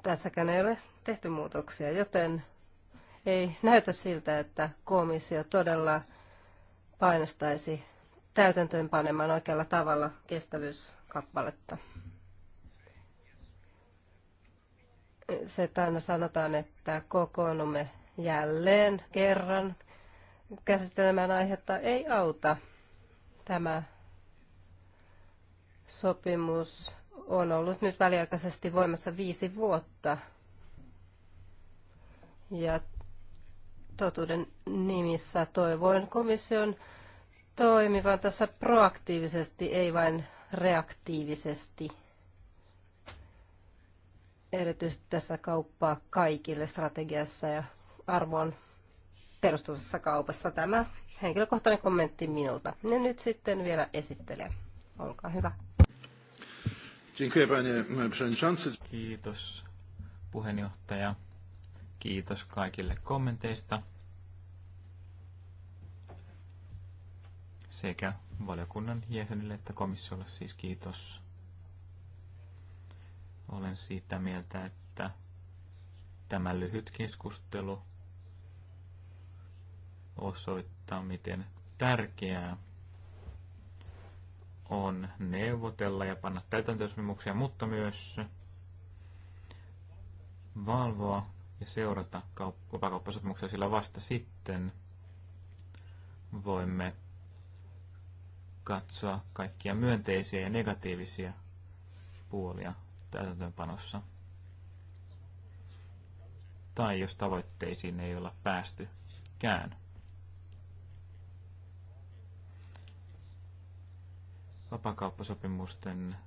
Tässäkään ei ole tehty muutoksia, joten ei näytä siltä, että komissio todella painostaisi panemaan oikealla tavalla kestävyyskappaletta. se, että aina sanotaan, että kokoonnumme jälleen kerran käsittelemään aihetta, ei auta. Tämä sopimus on ollut nyt väliaikaisesti voimassa viisi vuotta. Ja totuuden nimissä toivoin komission toimivan tässä proaktiivisesti, ei vain reaktiivisesti erityisesti tässä kauppaa kaikille strategiassa ja arvoon perustuvassa kaupassa. Tämä henkilökohtainen kommentti minulta. Ja nyt sitten vielä esittelijä. Olkaa hyvä. Kiitos puheenjohtaja. Kiitos kaikille kommenteista sekä valiokunnan jäsenille että komissiolle siis kiitos. Olen siitä mieltä, että tämä lyhyt keskustelu osoittaa, miten tärkeää on neuvotella ja panna täytäntöönsopimukseen, mutta myös valvoa ja seurata vapakauppasopimuksia, sillä vasta sitten voimme katsoa kaikkia myönteisiä ja negatiivisia puolia täytäntöönpanossa. Tai jos tavoitteisiin ei olla päästykään. Vapakauppasopimusten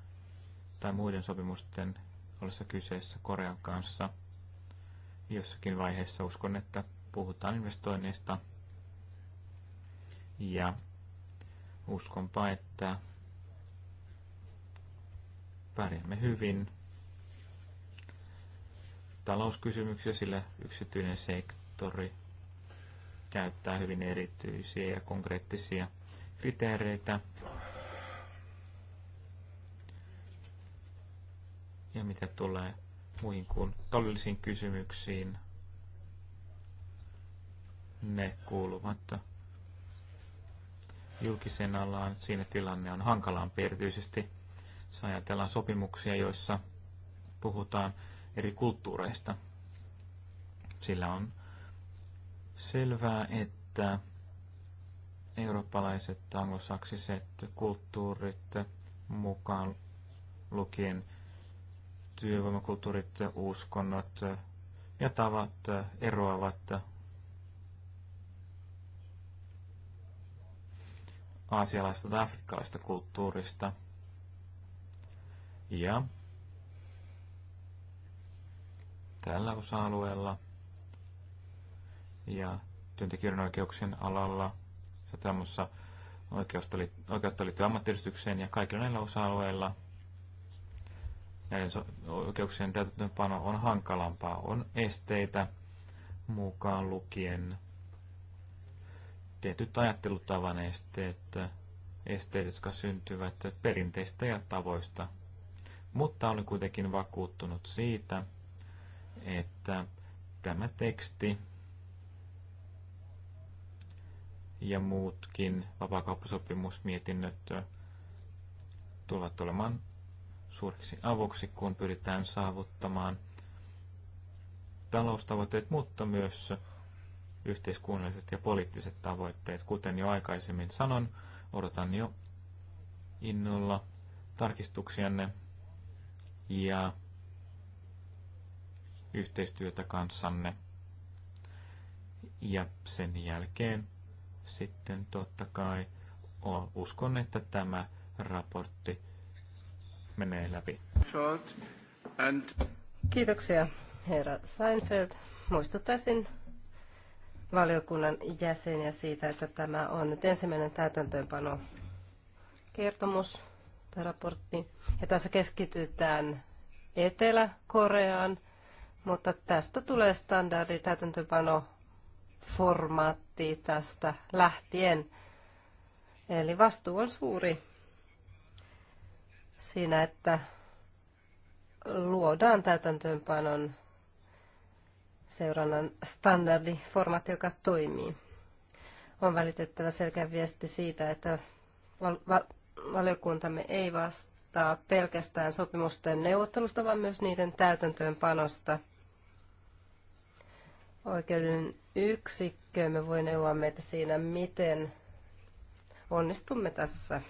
tai muiden sopimusten ollessa kyseessä Korean kanssa jossakin vaiheessa uskon, että puhutaan investoinneista ja uskonpa, että pärjäämme hyvin talouskysymyksiä, sillä yksityinen sektori käyttää hyvin erityisiä ja konkreettisia kriteereitä. Ja mitä tulee muihin kuin taloudellisiin kysymyksiin, ne kuuluvat julkisen alaan. Siinä tilanne on hankalaan erityisesti jos ajatellaan sopimuksia, joissa puhutaan eri kulttuureista, sillä on selvää, että eurooppalaiset anglosaksiset kulttuurit mukaan lukien työvoimakulttuurit, uskonnot ja tavat eroavat aasialaista tai afrikkalaista kulttuurista – ja tällä osa-alueella ja työntekijöiden oikeuksien alalla, satelamossa oikeutta, oikeutta liittyy ammattiyhdistykseen ja kaikilla näillä osa-alueilla näiden oikeuksien täytäntöönpano on hankalampaa, on esteitä mukaan lukien tietyt ajattelutavan esteet, esteet, jotka syntyvät perinteistä ja tavoista mutta olen kuitenkin vakuuttunut siitä, että tämä teksti ja muutkin vapaakauppasopimusmietinnöt tulevat olemaan suureksi avuksi, kun pyritään saavuttamaan taloustavoitteet, mutta myös yhteiskunnalliset ja poliittiset tavoitteet. Kuten jo aikaisemmin sanon, odotan jo innolla tarkistuksianne ja yhteistyötä kanssanne. Ja sen jälkeen sitten totta kai uskon, että tämä raportti menee läpi. Kiitoksia, herra Seinfeld. Muistuttaisin valiokunnan jäseniä siitä, että tämä on nyt ensimmäinen täytäntöönpano kertomus raportti. Ja tässä keskitytään Etelä-Koreaan, mutta tästä tulee standardi täytäntöpano formaatti tästä lähtien. Eli vastuu on suuri siinä, että luodaan täytäntöönpanon seurannan standardiformaatti, joka toimii. On välitettävä selkeä viesti siitä, että valiokuntamme ei vastaa pelkästään sopimusten neuvottelusta, vaan myös niiden täytäntöönpanosta. Oikeuden yksikkö me voi neuvoa meitä siinä, miten onnistumme tässä.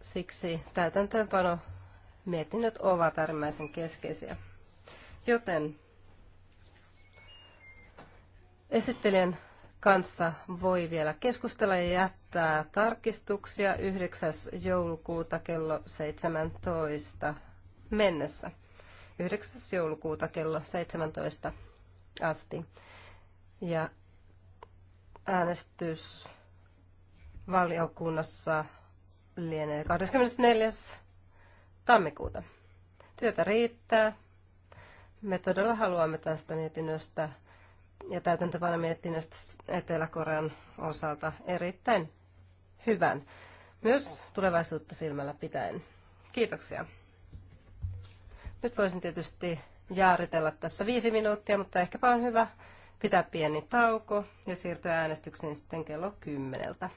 Siksi täytäntöönpano mietinnöt ovat äärimmäisen keskeisiä. Joten esittelijän kanssa voi vielä keskustella ja jättää tarkistuksia 9. joulukuuta kello 17 mennessä. 9. joulukuuta kello 17 asti. Ja äänestys valiokunnassa lienee 24. tammikuuta. Työtä riittää. Me todella haluamme tästä mietinnöstä ja täytäntöpano mietinnöstä Etelä-Korean osalta erittäin hyvän, myös tulevaisuutta silmällä pitäen. Kiitoksia. Nyt voisin tietysti jaaritella tässä viisi minuuttia, mutta ehkäpä on hyvä pitää pieni tauko ja siirtyä äänestykseen sitten kello kymmeneltä.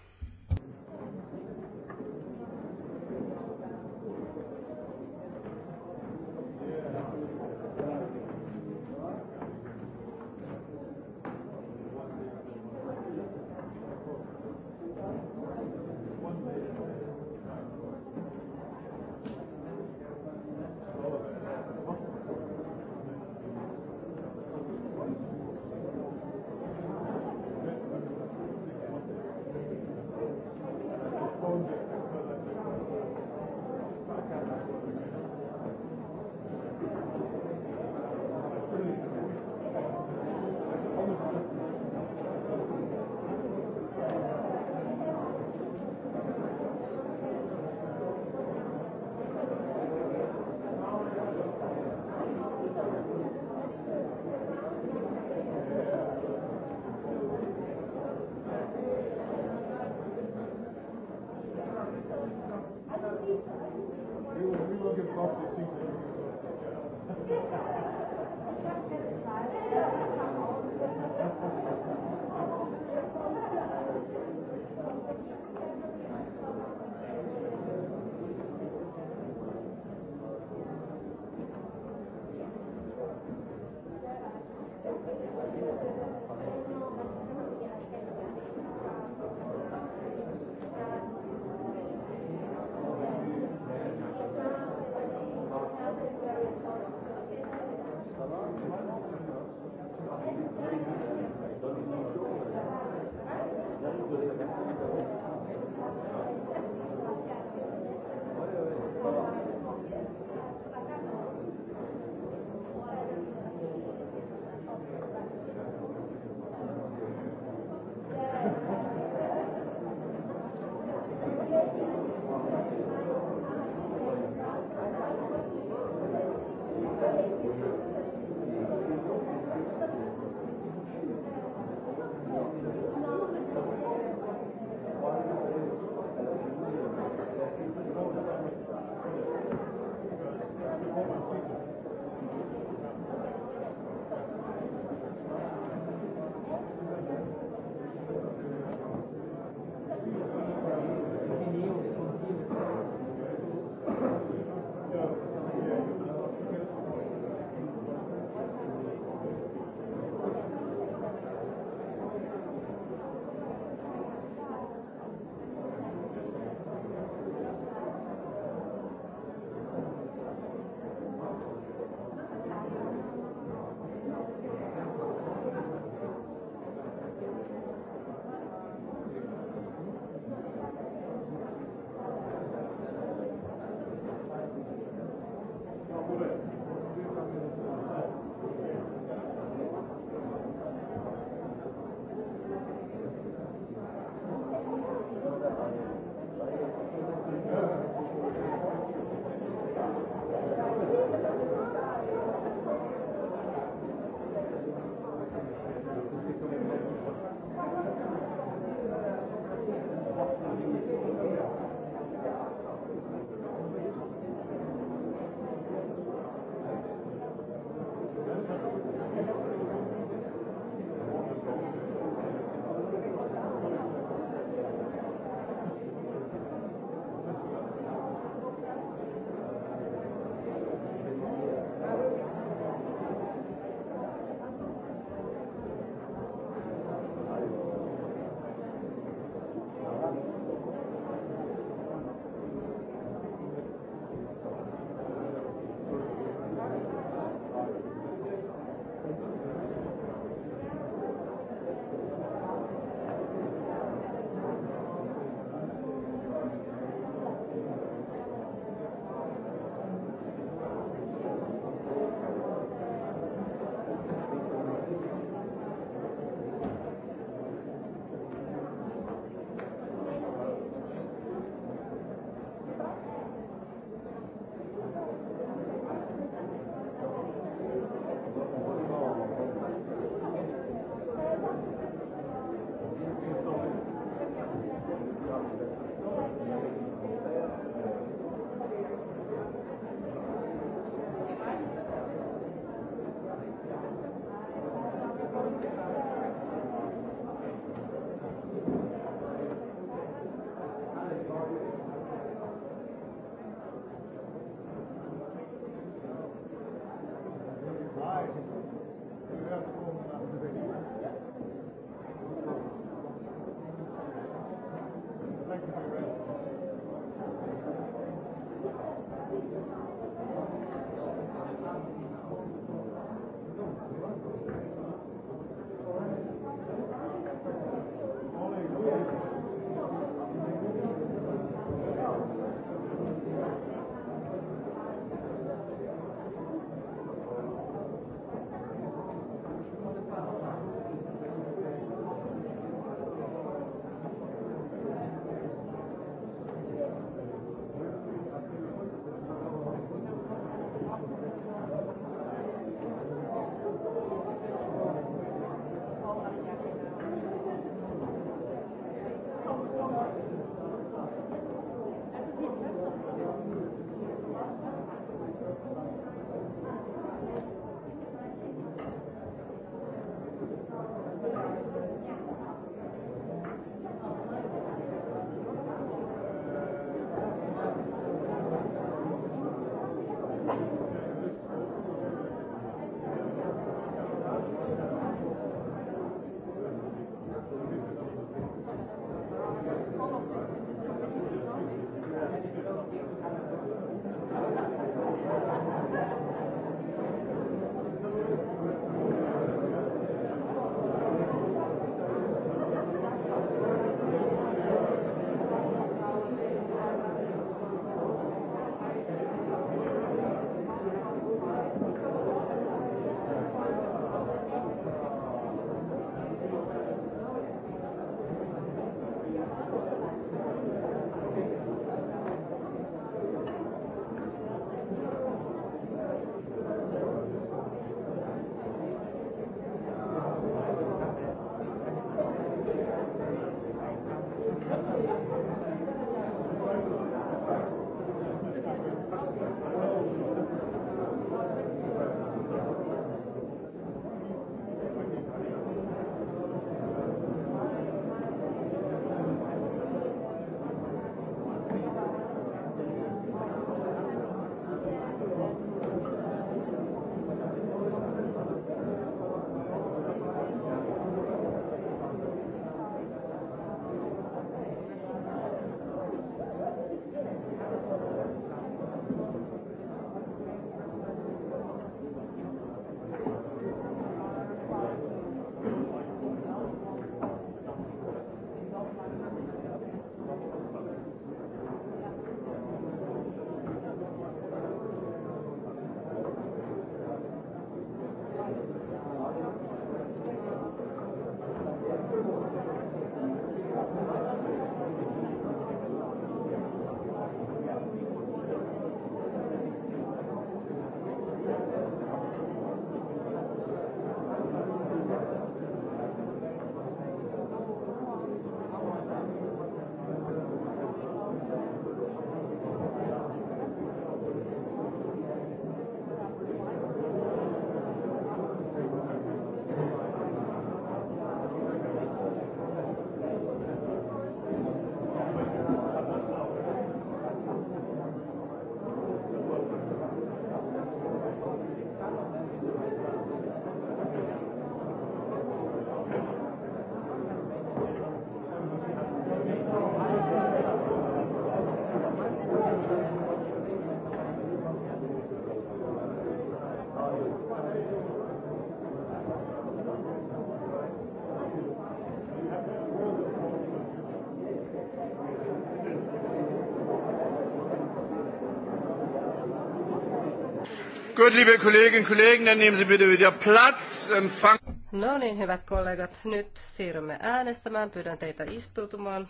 Gut, liebe Kolleginnen und Kollegen, dann nehmen Sie bitte wieder Platz. Empfang... No niin, hyvät kollegat, nyt siirrymme äänestämään. Pyydän teitä istutumaan.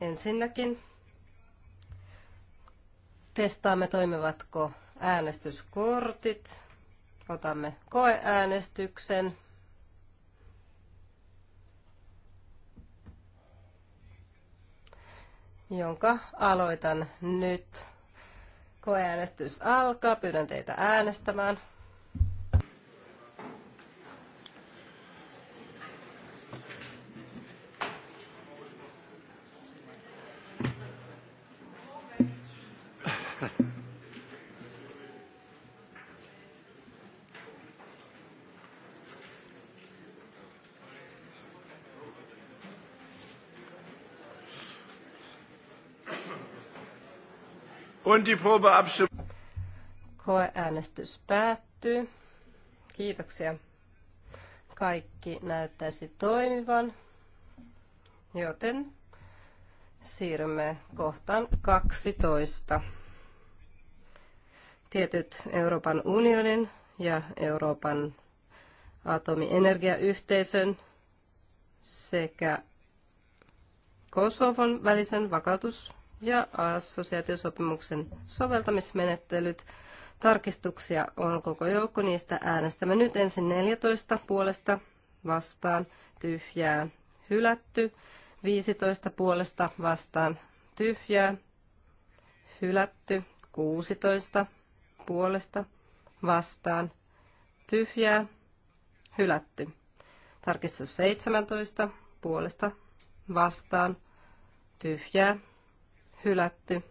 Ensinnäkin testaamme, toimivatko äänestyskortit. Otamme koeäänestyksen. jonka aloitan nyt. Koeäänestys alkaa. Pyydän teitä äänestämään. Und die Probeabstimmung. Koeäänestys päättyy. Kiitoksia. Kaikki näyttäisi toimivan, joten siirrymme kohtaan 12. Tietyt Euroopan unionin ja Euroopan atomienergiayhteisön sekä Kosovon välisen vakautus- ja assosiaatiosopimuksen soveltamismenettelyt. Tarkistuksia on koko joukko, niistä äänestämme nyt ensin 14 puolesta vastaan tyhjää hylätty, 15 puolesta vastaan tyhjää hylätty, 16 puolesta vastaan tyhjää hylätty. Tarkistus 17 puolesta vastaan tyhjää hylätty.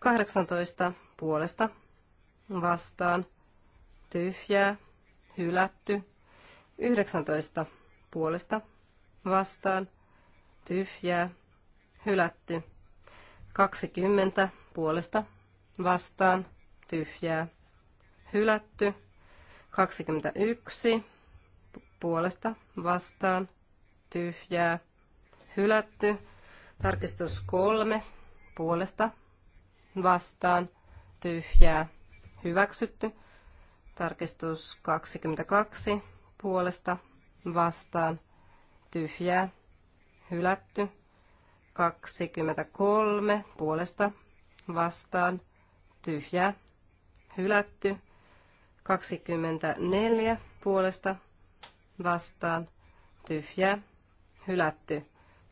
18 puolesta vastaan tyhjää hylätty. 19 puolesta vastaan tyhjää hylätty. 20 puolesta vastaan tyhjää hylätty. 21 puolesta vastaan tyhjää hylätty. Tarkistus 3 puolesta vastaan tyhjää hyväksytty. Tarkistus 22 puolesta vastaan tyhjää hylätty. 23 puolesta vastaan tyhjää hylätty. 24 puolesta vastaan tyhjää hylätty.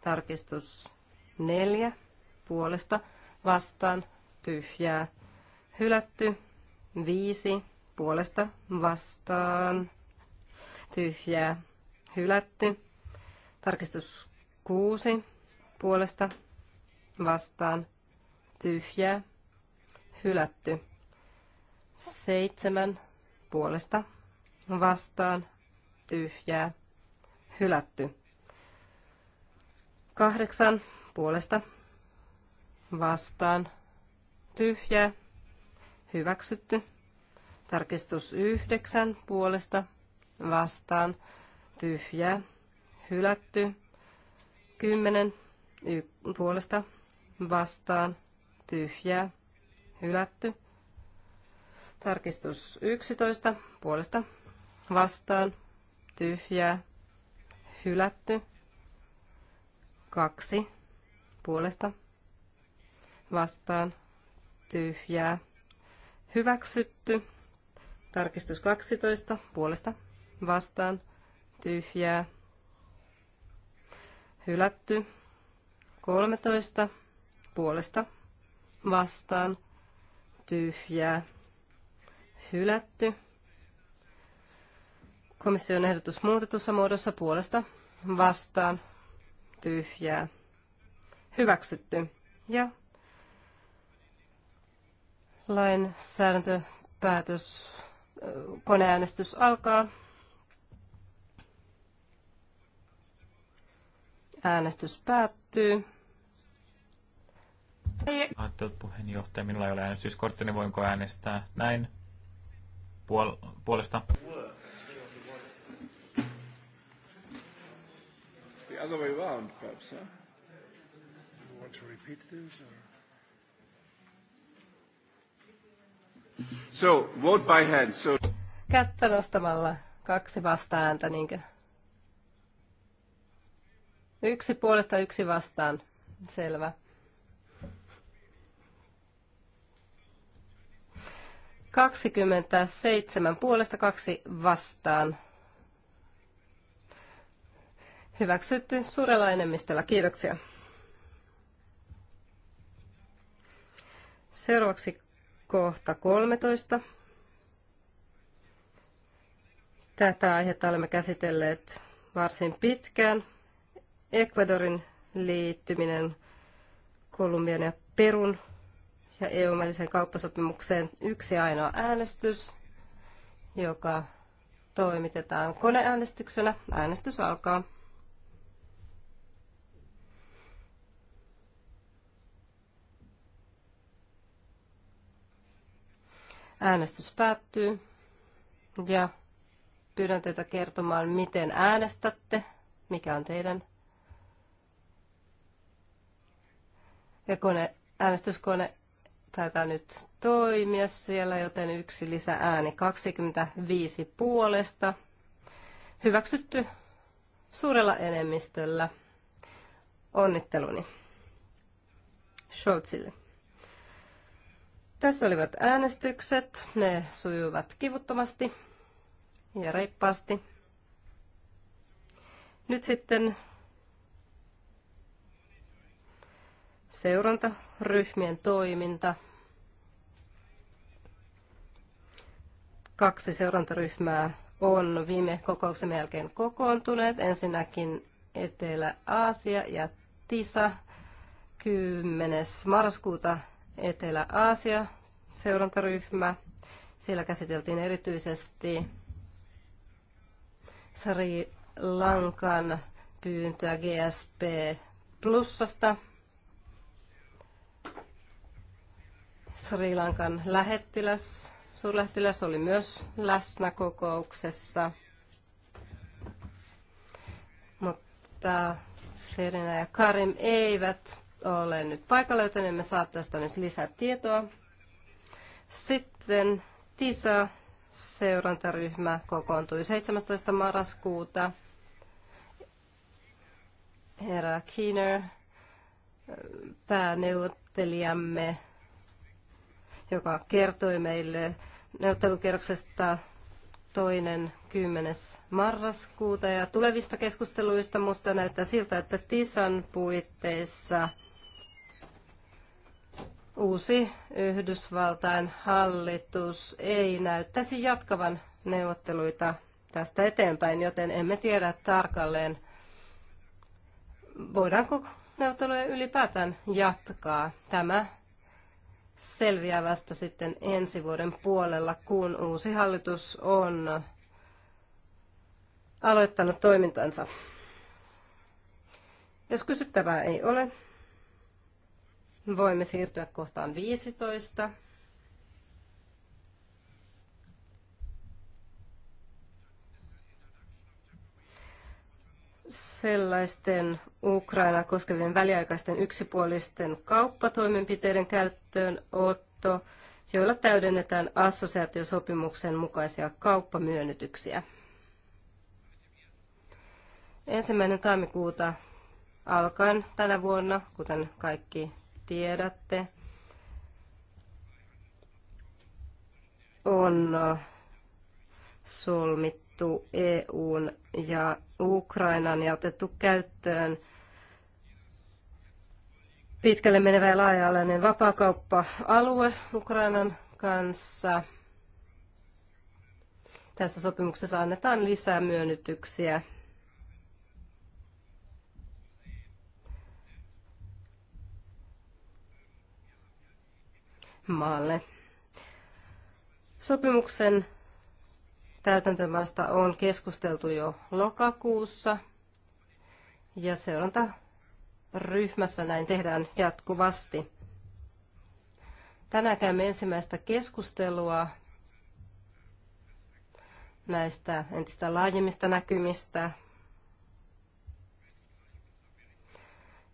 Tarkistus 4 puolesta vastaan tyhjää. Hylätty viisi puolesta vastaan tyhjää. Hylätty. Tarkistus kuusi puolesta vastaan tyhjää. Hylätty. Seitsemän puolesta vastaan tyhjää. Hylätty. Kahdeksan puolesta vastaan, tyhjä hyväksytty. Tarkistus yhdeksän puolesta, vastaan, tyhjä hylätty. kymmenen puolesta, vastaan, tyhjä hylätty. Tarkistus yksitoista puolesta, vastaan, tyhjä hylätty. kaksi puolesta, vastaan tyhjää hyväksytty. Tarkistus 12 puolesta vastaan tyhjää hylätty. 13 puolesta vastaan tyhjää hylätty. Komission ehdotus muutetussa muodossa puolesta vastaan tyhjää hyväksytty. Ja Lainsäädäntöpäätös, koneäänestys alkaa. Äänestys päättyy. Ajattelut puheenjohtaja, minulla ei ole äänestyskortti, niin voinko äänestää näin puol- puolesta? The other way around, perhaps, huh? You want to repeat this? Or? So, vote by hand. So... Kättä nostamalla kaksi vastaääntä, niinkö? Yksi puolesta, yksi vastaan. Selvä. Kaksikymmentä seitsemän puolesta, kaksi vastaan. Hyväksytty suurella enemmistöllä. Kiitoksia. Seuraavaksi kohta 13. Tätä aihetta olemme käsitelleet varsin pitkään. Ecuadorin liittyminen Kolumbian ja Perun ja eu väliseen kauppasopimukseen yksi ainoa äänestys, joka toimitetaan koneäänestyksenä. Äänestys alkaa. Äänestys päättyy ja pyydän teitä kertomaan, miten äänestätte, mikä on teidän ja kone, äänestyskone taitaa nyt toimia siellä, joten yksi lisääni 25 puolesta. Hyväksytty suurella enemmistöllä. Onnitteluni Schultzille. Tässä olivat äänestykset. Ne sujuivat kivuttomasti ja reippaasti. Nyt sitten seuranta, ryhmien toiminta. Kaksi seurantaryhmää on viime kokouksen jälkeen kokoontuneet. Ensinnäkin Etelä-Aasia ja TISA 10. marraskuuta Etelä-Aasia seurantaryhmä. Siellä käsiteltiin erityisesti Sri Lankan pyyntöä GSP Plusasta. Sri Lankan lähettiläs, suurlähettiläs oli myös läsnä kokouksessa, mutta Ferina ja Karim eivät ole nyt paikalla, joten emme saa tästä nyt lisää tietoa. Sitten TISA-seurantaryhmä kokoontui 17. marraskuuta. Herra Keener, pääneuvottelijamme, joka kertoi meille neuvottelukierroksesta toinen 10. marraskuuta ja tulevista keskusteluista, mutta näyttää siltä, että TISAN puitteissa – uusi Yhdysvaltain hallitus ei näyttäisi jatkavan neuvotteluita tästä eteenpäin, joten emme tiedä tarkalleen, voidaanko neuvotteluja ylipäätään jatkaa. Tämä selviää vasta sitten ensi vuoden puolella, kun uusi hallitus on aloittanut toimintansa. Jos kysyttävää ei ole, Voimme siirtyä kohtaan 15. sellaisten Ukraina koskevien väliaikaisten yksipuolisten kauppatoimenpiteiden käyttöönotto, joilla täydennetään assosiaatiosopimuksen mukaisia kauppamyönnytyksiä. Ensimmäinen tammikuuta alkaen tänä vuonna, kuten kaikki tiedätte, on solmittu EUn ja Ukrainan ja otettu käyttöön pitkälle menevä ja laaja-alainen vapaakauppa-alue Ukrainan kanssa. Tässä sopimuksessa annetaan lisää myönnytyksiä maalle. Sopimuksen täytäntöönpanosta on keskusteltu jo lokakuussa ja seurantaryhmässä näin tehdään jatkuvasti. Tänään käymme ensimmäistä keskustelua näistä entistä laajemmista näkymistä.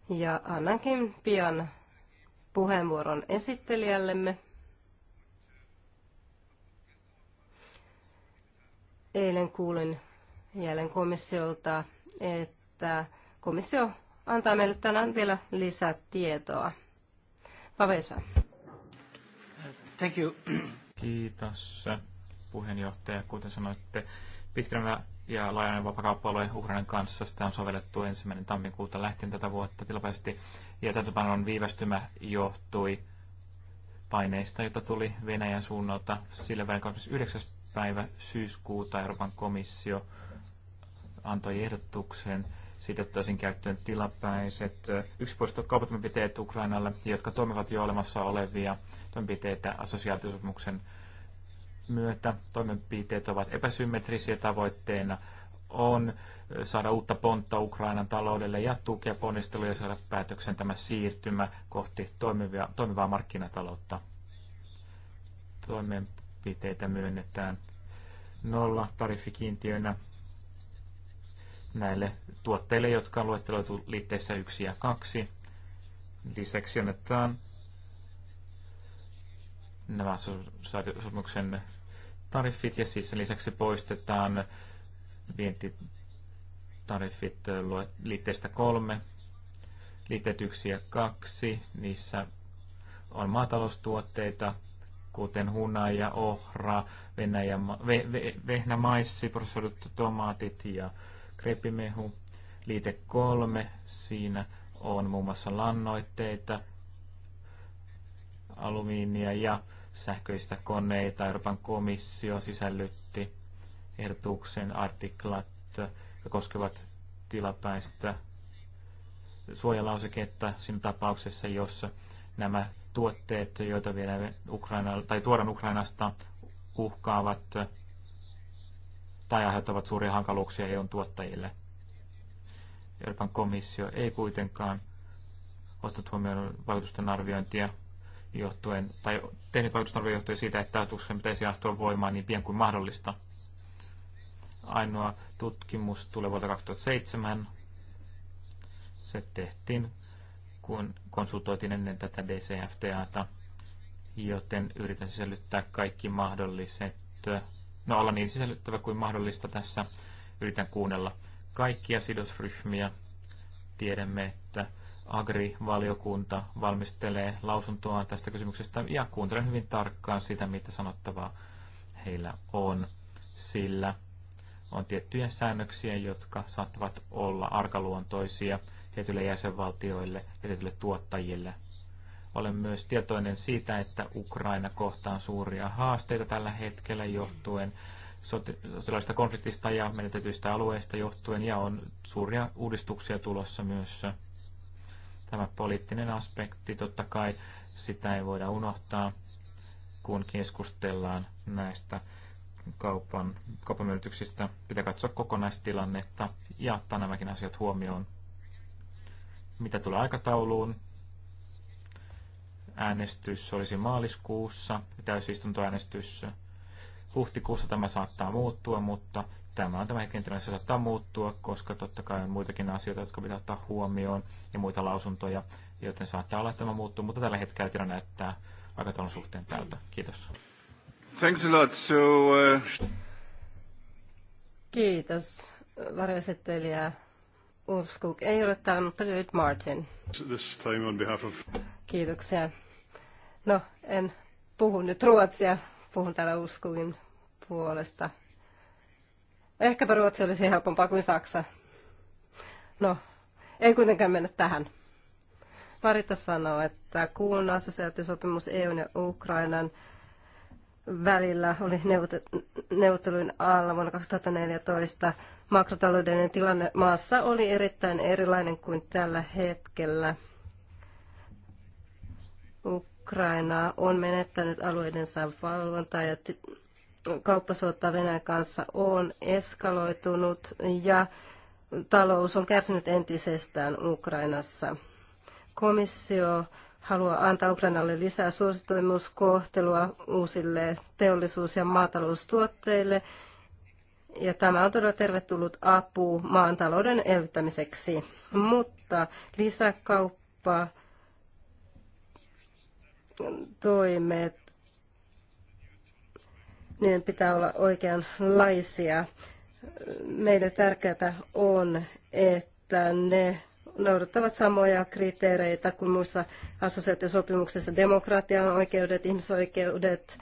Ja annankin pian puheenvuoron esittelijällemme. Eilen kuulin jälleen komissiolta, että komissio antaa meille tänään vielä lisää tietoa. Pavesa. Thank you. Kiitos puheenjohtaja. Kuten sanoitte, pitkällä ja laajainen vapakauppa-alue Ukrainan kanssa. Sitä on sovellettu ensimmäinen tammikuuta lähtien tätä vuotta tilapäisesti. Ja täytäntöpanon viivästymä johtui paineista, jota tuli Venäjän suunnalta. Sillä välin 29. päivä syyskuuta Euroopan komissio antoi ehdotuksen siitä ottaisin käyttöön tilapäiset yksipuoliset kaupatoimenpiteet Ukrainalle, jotka toimivat jo olemassa olevia toimenpiteitä assosiaatiosopimuksen myötä. Toimenpiteet ovat epäsymmetrisiä tavoitteena on saada uutta pontta Ukrainan taloudelle ja tukea ponnisteluja saada päätöksen tämä siirtymä kohti toimivia, toimivaa markkinataloutta. Toimenpiteitä myönnetään nolla tariffikiintiöinä näille tuotteille, jotka on luetteloitu liitteissä 1 ja 2. Lisäksi annetaan nämä sopimuksen tariffit ja siis sen lisäksi poistetaan vientitariffit liitteestä kolme, liitteet yksi ja kaksi, niissä on maataloustuotteita, kuten ja ohra, venäjä, ve, ve, maissi prosessoidut tomaatit ja kreppimehu. Liite kolme, siinä on muun muassa lannoitteita, alumiinia ja sähköistä koneita. Euroopan komissio sisällytti ehdotuksen artiklat, jotka koskevat tilapäistä suojalauseketta siinä tapauksessa, jossa nämä tuotteet, joita vielä Ukraina, tai tuodaan Ukrainasta, uhkaavat tai aiheuttavat suuria hankaluuksia EUn tuottajille. Euroopan komissio ei kuitenkaan ottanut huomioon vaikutusten arviointia johtuen, tai tehnyt vaikutusarvio johtuen siitä, että asetuksen pitäisi astua voimaan niin pian kuin mahdollista. Ainoa tutkimus tulee vuodelta 2007. Se tehtiin, kun konsultoitiin ennen tätä DCFTAta, joten yritän sisällyttää kaikki mahdolliset, no olla niin sisällyttävä kuin mahdollista tässä. Yritän kuunnella kaikkia sidosryhmiä. Tiedämme, Agri-valiokunta valmistelee lausuntoaan tästä kysymyksestä ja kuuntelen hyvin tarkkaan sitä, mitä sanottavaa heillä on, sillä on tiettyjä säännöksiä, jotka saattavat olla arkaluontoisia tietyille jäsenvaltioille ja tietyille tuottajille. Olen myös tietoinen siitä, että Ukraina kohtaa suuria haasteita tällä hetkellä johtuen sellaista konfliktista ja menetetyistä alueista johtuen, ja on suuria uudistuksia tulossa myös Tämä poliittinen aspekti totta kai sitä ei voida unohtaa, kun keskustellaan näistä kaupan, kaupamyrityksistä. Pitää katsoa kokonaistilannetta ja ottaa nämäkin asiat huomioon. Mitä tulee aikatauluun? Äänestys olisi maaliskuussa, täysistuntoäänestys huhtikuussa tämä saattaa muuttua, mutta Tämä on tämä hetken se saattaa muuttua, koska totta kai on muitakin asioita, jotka pitää ottaa huomioon ja muita lausuntoja, joten saattaa olla, että tämä muuttuu, mutta tällä hetkellä tilanne näyttää aikataulun suhteen tältä. Kiitos. Thanks a lot. So, uh... Kiitos varjoesittelijä Urskuk. ei ole täällä, mutta David Martin. This time on behalf of... Kiitoksia. No, en puhu nyt ruotsia, puhun täällä Urskukin puolesta. Ehkäpä Ruotsi olisi helpompaa kuin Saksa. No, ei kuitenkaan mennä tähän. Marita sanoo, että kuun sopimus EUn ja Ukrainan välillä oli neuvottelujen alla vuonna 2014. Makrotaloudellinen tilanne maassa oli erittäin erilainen kuin tällä hetkellä. Ukraina on menettänyt alueidensa valvontaa ja kauppasuotta Venäjän kanssa on eskaloitunut ja talous on kärsinyt entisestään Ukrainassa. Komissio haluaa antaa Ukrainalle lisää suosituimuskohtelua uusille teollisuus- ja maataloustuotteille. Ja tämä on todella tervetullut apu maan talouden elvyttämiseksi. Mutta lisäkauppa toimet niiden pitää olla oikeanlaisia. Meille tärkeää on, että ne noudattavat samoja kriteereitä kuin muissa assosiaatiosopimuksissa. Demokratian oikeudet, ihmisoikeudet,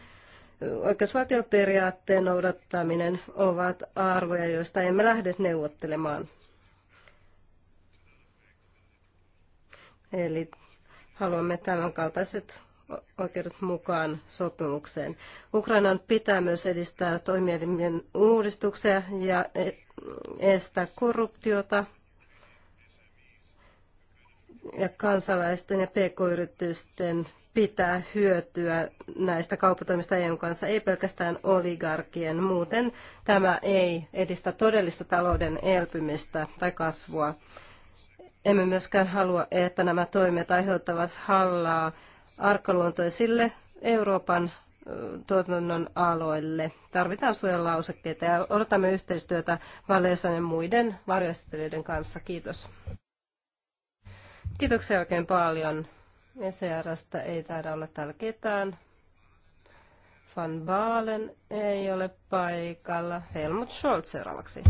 oikeusvaltioperiaatteen noudattaminen ovat arvoja, joista emme lähde neuvottelemaan. Eli haluamme tämän kaltaiset oikeudet mukaan sopimukseen. Ukrainan pitää myös edistää toimielimien uudistuksia ja estää korruptiota ja kansalaisten ja pk-yritysten pitää hyötyä näistä kauppatoimista EUn kanssa, ei pelkästään oligarkien. Muuten tämä ei edistä todellista talouden elpymistä tai kasvua. Emme myöskään halua, että nämä toimet aiheuttavat hallaa arkaluontoisille Euroopan tuotannon aloille. Tarvitaan suojelausekkeita ja odotamme yhteistyötä Valessan ja muiden varjostelijoiden kanssa. Kiitos. Kiitoksia oikein paljon. ECRstä ei taida olla täällä ketään. Van Baalen ei ole paikalla. Helmut Scholz seuraavaksi.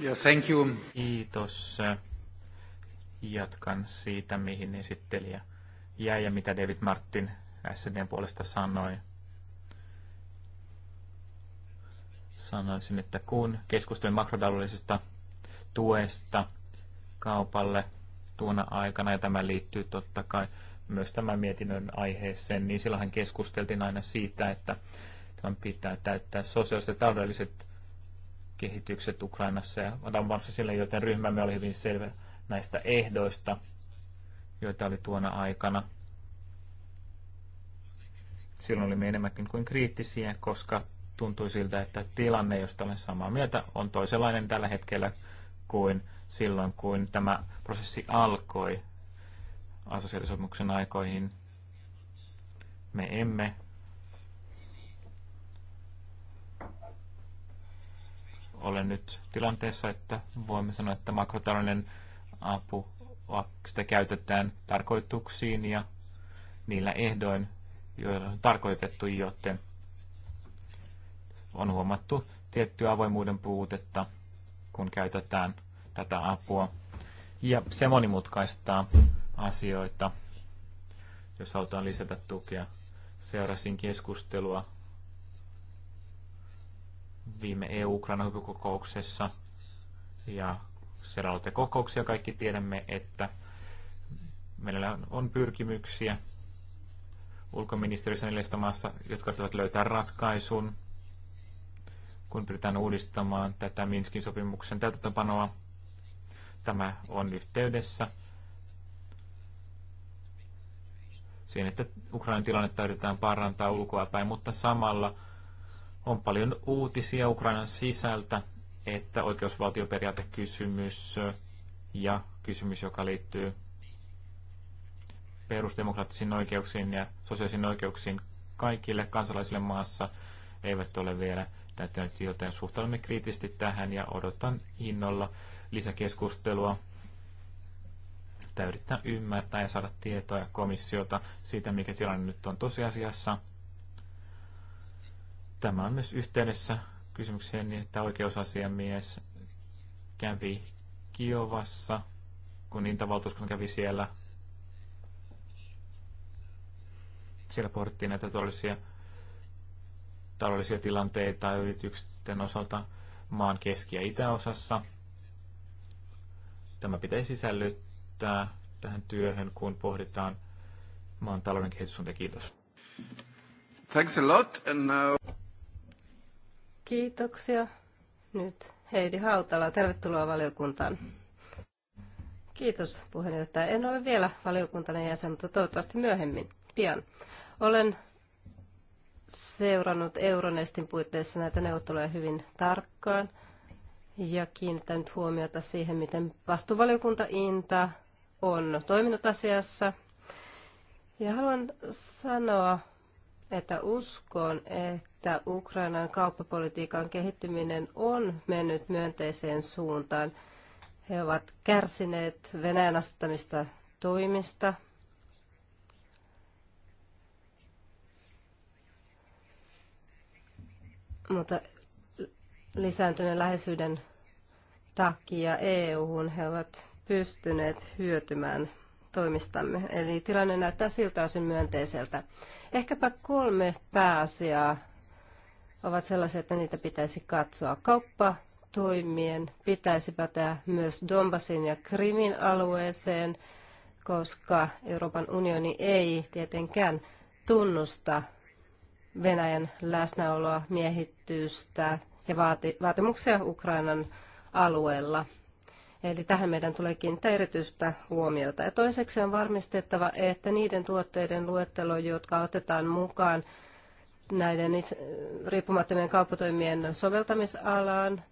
Ja thank you. Kiitos. Jatkan siitä, mihin esittelijä jäi ja mitä David Martin SDn puolesta sanoi. Sanoisin, että kun keskustelin makrotaloudellisesta tuesta kaupalle tuona aikana, ja tämä liittyy totta kai myös tämän mietinnön aiheeseen, niin silloinhan keskusteltiin aina siitä, että tämän pitää täyttää sosiaaliset ja taloudelliset kehitykset Ukrainassa ja Adam sille, joten ryhmämme oli hyvin selvä näistä ehdoista joita oli tuona aikana. Silloin olimme enemmänkin kuin kriittisiä, koska tuntui siltä, että tilanne, josta olen samaa mieltä, on toisenlainen tällä hetkellä kuin silloin, kun tämä prosessi alkoi asosiaalisopimuksen aikoihin. Me emme ole nyt tilanteessa, että voimme sanoa, että makrotalouden apu sitä käytetään tarkoituksiin ja niillä ehdoin, joilla on tarkoitettu, joten on huomattu tiettyä avoimuuden puutetta, kun käytetään tätä apua. Ja se monimutkaistaa asioita, jos halutaan lisätä tukea. Seurasin keskustelua viime EU-Ukraina-huippukokouksessa ja siellä olette kokouksia, kaikki tiedämme, että meillä on pyrkimyksiä ulkoministeriössä neljästä maassa, jotka yrittävät löytää ratkaisun, kun pyritään uudistamaan tätä Minskin sopimuksen täytäntöpanoa. Tämä on yhteydessä siihen, että Ukrainan tilannetta yritetään parantaa ulkoapäin, mutta samalla on paljon uutisia Ukrainan sisältä, että oikeusvaltioperiaatekysymys ja kysymys, joka liittyy perusdemokraattisiin oikeuksiin ja sosiaalisiin oikeuksiin kaikille kansalaisille maassa, eivät ole vielä täyttäneet, joten suhtaudumme kriittisesti tähän ja odotan innolla lisäkeskustelua yrittää ymmärtää ja saada ja komissiota siitä, mikä tilanne nyt on tosiasiassa. Tämä on myös yhteydessä kysymykseen, niin että oikeusasiamies kävi Kiovassa, kun Intavaltuuskunta kävi siellä. Siellä pohdittiin näitä todellisia taloudellisia tilanteita yritysten osalta maan keski- ja itäosassa. Tämä pitäisi sisällyttää tähän työhön, kun pohditaan maan talouden kehityssuuntia. Kiitos. Thanks a lot and now... Uh, Kiitoksia. Nyt Heidi Hautala, tervetuloa valiokuntaan. Kiitos puheenjohtaja. En ole vielä valiokuntainen jäsen, mutta toivottavasti myöhemmin, pian. Olen seurannut Euronestin puitteissa näitä neuvotteluja hyvin tarkkaan ja kiinnittänyt huomiota siihen, miten vastuuvaliokunta Inta on toiminut asiassa. Ja haluan sanoa että uskon, että Ukrainan kauppapolitiikan kehittyminen on mennyt myönteiseen suuntaan. He ovat kärsineet Venäjän asettamista toimista. Mutta lisääntyneen läheisyyden takia EU-hun he ovat pystyneet hyötymään toimistamme. Eli tilanne näyttää siltä osin myönteiseltä. Ehkäpä kolme pääasiaa ovat sellaisia, että niitä pitäisi katsoa. Kauppa toimien pitäisi päteä myös Donbasin ja Krimin alueeseen, koska Euroopan unioni ei tietenkään tunnusta Venäjän läsnäoloa, miehittyystä ja vaati- vaatimuksia Ukrainan alueella. Eli tähän meidän tulee kiinnittää erityistä huomiota. Ja toiseksi on varmistettava, että niiden tuotteiden luettelo, jotka otetaan mukaan näiden itse, riippumattomien kauppatoimien soveltamisalaan,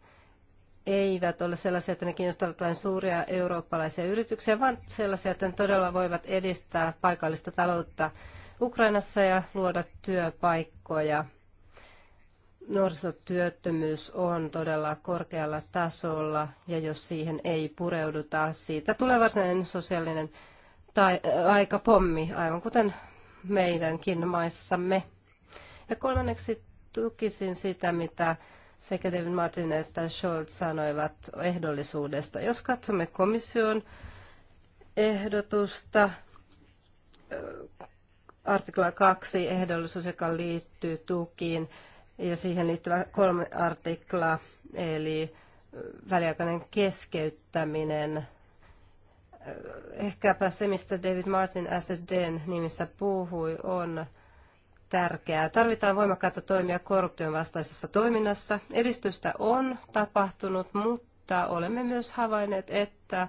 eivät ole sellaisia, että ne kiinnostavat vain suuria eurooppalaisia yrityksiä, vaan sellaisia, että ne todella voivat edistää paikallista taloutta Ukrainassa ja luoda työpaikkoja nuorisotyöttömyys on todella korkealla tasolla ja jos siihen ei pureuduta, siitä tulee varsinainen sosiaalinen tai, äh, aika pommi, aivan kuten meidänkin maissamme. Ja kolmanneksi tukisin sitä, mitä sekä David Martin että Scholz sanoivat ehdollisuudesta. Jos katsomme komission ehdotusta, äh, artikla 2 ehdollisuus, joka liittyy tukiin, ja siihen liittyvä kolme artikla, eli väliaikainen keskeyttäminen. Ehkäpä se, mistä David Martin Asseden nimissä puhui, on tärkeää. Tarvitaan voimakkaita toimia korruption vastaisessa toiminnassa. Edistystä on tapahtunut, mutta olemme myös havainneet, että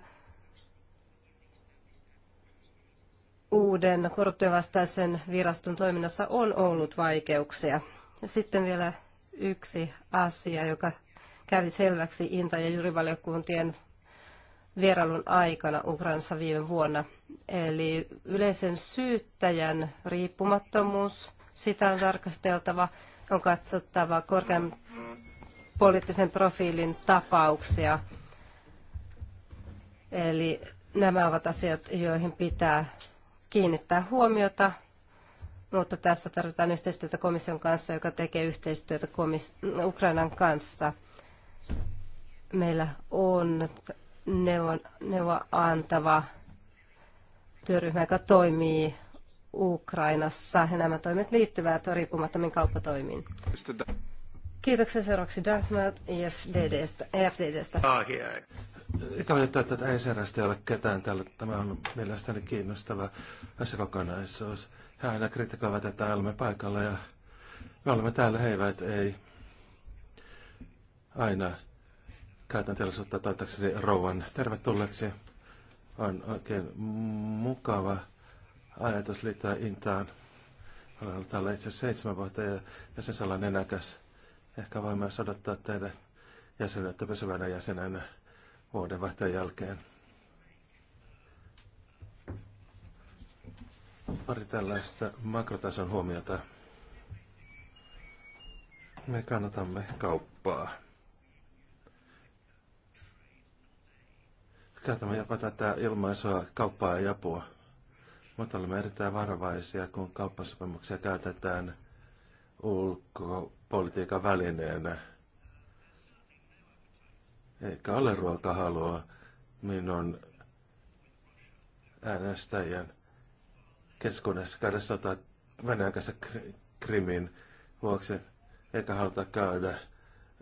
uuden korruption vastaisen viraston toiminnassa on ollut vaikeuksia. Ja sitten vielä yksi asia, joka kävi selväksi Inta- ja Jyrivaliokuntien vierailun aikana Ukrainassa viime vuonna. Eli yleisen syyttäjän riippumattomuus, sitä on tarkasteltava, on katsottava korkean poliittisen profiilin tapauksia. Eli nämä ovat asiat, joihin pitää kiinnittää huomiota mutta tässä tarvitaan yhteistyötä komission kanssa, joka tekee yhteistyötä komis- Ukrainan kanssa. Meillä on neuvon, neuvoa antava työryhmä, joka toimii Ukrainassa, ja nämä toimet liittyvät riippumattomiin kauppatoimiin. Kiitoksia seuraavaksi Dartmouth EFDDstä. EFDDstä. Eikä juttu, että tätä e ei ole ketään täällä. Tämä on mielestäni kiinnostava tässä kokonaisuus he aina kritikoivat, että olemme paikalla ja me olemme täällä, he eivät, ei. Aina käytän tilaisuutta toivottavasti rouvan tervetulleeksi. On oikein mukava ajatus liittää Intaan. Olen ollut täällä itse seitsemän vuotta ja, ja sen sellainen nenäkäs. Ehkä voin myös odottaa teidän jäsenyyttä pysyvänä jäsenenä vuodenvaihteen jälkeen. Pari tällaista makrotason huomiota. Me kannatamme kauppaa. Käytämme jopa tätä ilmaisua kauppaa ja apua, mutta olemme erittäin varovaisia, kun kauppasopimuksia käytetään ulkopolitiikan välineenä. Eikä ole ruokahalua minun äänestäjän keskuudessa käydä sotaa Venäjän kanssa Krimin vuoksi, eikä haluta käydä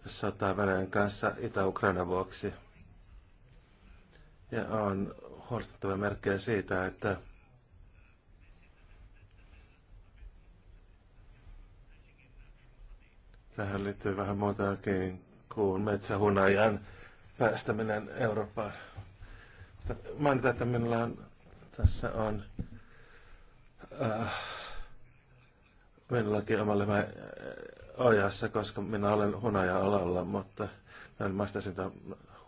sotaa Venäjän kanssa Itä-Ukrainan vuoksi. Ja on huolestuttava merkkejä siitä, että tähän liittyy vähän muutakin kuin metsähunajan päästäminen Eurooppaan. Mutta mainitaan, että minulla on, tässä on äh, minullakin omalle mä äh, ajassa, koska minä olen hunaja-alalla, mutta maista sitä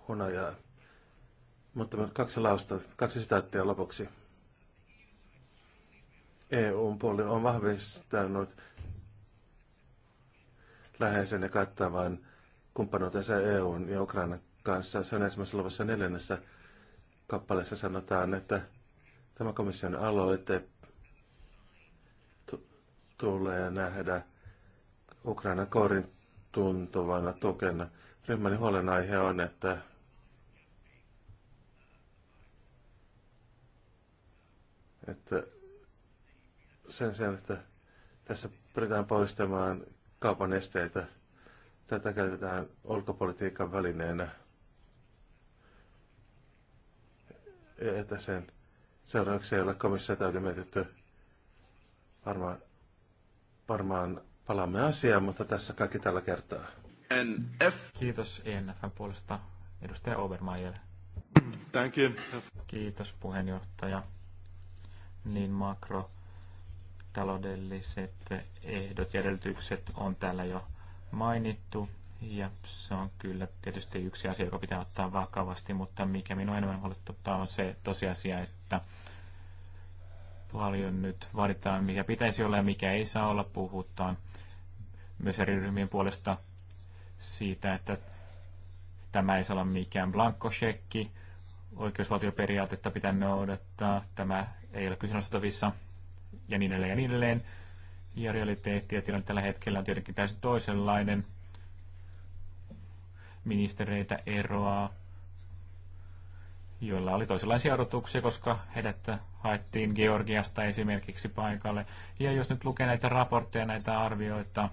hunajaa. Mutta kaksi lausta, kaksi sitaattia lopuksi. EUn puoli on vahvistanut läheisen ja kattavan kumppanuutensa EUn ja Ukrainan kanssa. Sen ensimmäisessä luvussa neljännessä kappaleessa sanotaan, että tämä komission aloite tulee nähdä Ukraina korin tuntuvana tukena. Ryhmäni huolenaihe on, että että sen sijaan, että tässä pyritään poistamaan kaupan esteitä, tätä käytetään ulkopolitiikan välineenä. että sen seuraavaksi ei ole komissio täytyy mietitty varmaan varmaan palaamme asiaan, mutta tässä kaikki tällä kertaa. NF. Kiitos ENFn puolesta edustaja Obermeier. Thank you. Kiitos puheenjohtaja. Niin makro taloudelliset ehdot ja edellytykset on täällä jo mainittu. Ja se on kyllä tietysti yksi asia, joka pitää ottaa vakavasti, mutta mikä minua enemmän huolettaa on se tosiasia, että paljon nyt vaaditaan, mikä pitäisi olla ja mikä ei saa olla. Puhutaan myös eri ryhmien puolesta siitä, että tämä ei saa olla mikään blankkosekki, oikeusvaltioperiaatetta pitää noudattaa, tämä ei ole kyseenalaistettavissa ja niin edelleen ja niin edelleen. Ja realiteetti ja tilanne tällä hetkellä on tietenkin täysin toisenlainen. Ministereitä eroaa, joilla oli toisenlaisia odotuksia, koska heidät haettiin Georgiasta esimerkiksi paikalle. Ja jos nyt lukee näitä raportteja, näitä arvioita,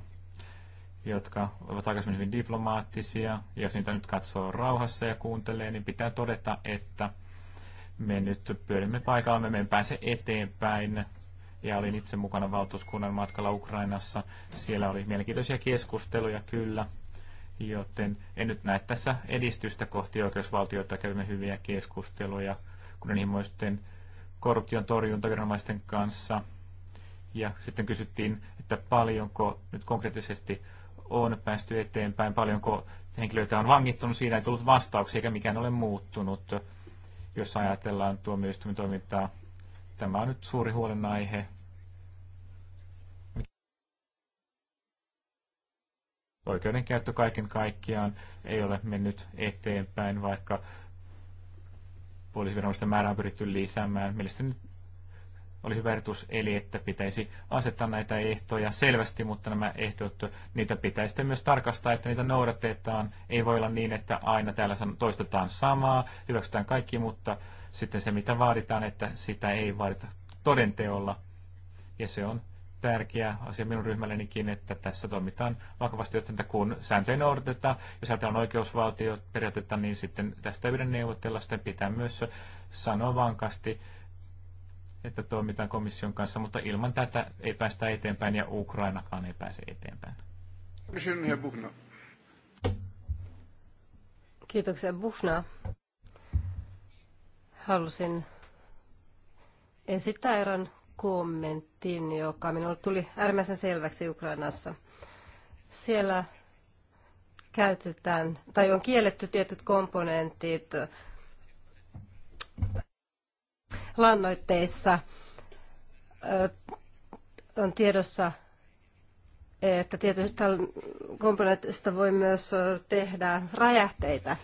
jotka ovat aikaisemmin hyvin diplomaattisia, ja jos niitä nyt katsoo rauhassa ja kuuntelee, niin pitää todeta, että me nyt pyörimme paikallamme, me emme pääse eteenpäin. Ja olin itse mukana valtuuskunnan matkalla Ukrainassa. Siellä oli mielenkiintoisia keskusteluja kyllä, joten en nyt näe tässä edistystä kohti oikeusvaltiota. Kävimme hyviä keskusteluja kunnianhimoisten korruption torjuntaviranomaisten kanssa. Ja sitten kysyttiin, että paljonko nyt konkreettisesti on päästy eteenpäin, paljonko henkilöitä on vangittunut, siinä ei tullut vastauksia eikä mikään ole muuttunut, jos ajatellaan tuomioistuimen toimintaa. Tämä on nyt suuri huolenaihe oikeudenkäyttö kaiken kaikkiaan ei ole mennyt eteenpäin, vaikka poliisiviranomaisten määrää on pyritty lisäämään. Mielestäni oli hyvä ehdotus, eli että pitäisi asettaa näitä ehtoja selvästi, mutta nämä ehdot, niitä pitäisi sitten myös tarkastaa, että niitä noudatetaan. Ei voi olla niin, että aina täällä toistetaan samaa, hyväksytään kaikki, mutta sitten se, mitä vaaditaan, että sitä ei vaadita todenteolla. Ja se on tärkeä asia minun ryhmällenikin, että tässä toimitaan vakavasti, että kun sääntöjä noudateta, jos ajatellaan oikeusvaltioperiaatetta, niin sitten tästä yhden neuvotella, sitten pitää myös sanoa vankasti, että toimitaan komission kanssa, mutta ilman tätä ei päästä eteenpäin ja Ukrainakaan ei pääse eteenpäin. Kiitoksia Buhna. Halusin esittää erään kommenttiin, joka minulle tuli äärimmäisen selväksi Ukrainassa. Siellä käytetään tai on kielletty tietyt komponentit lannoitteissa. On tiedossa, että tietystä komponentista voi myös tehdä räjähteitä.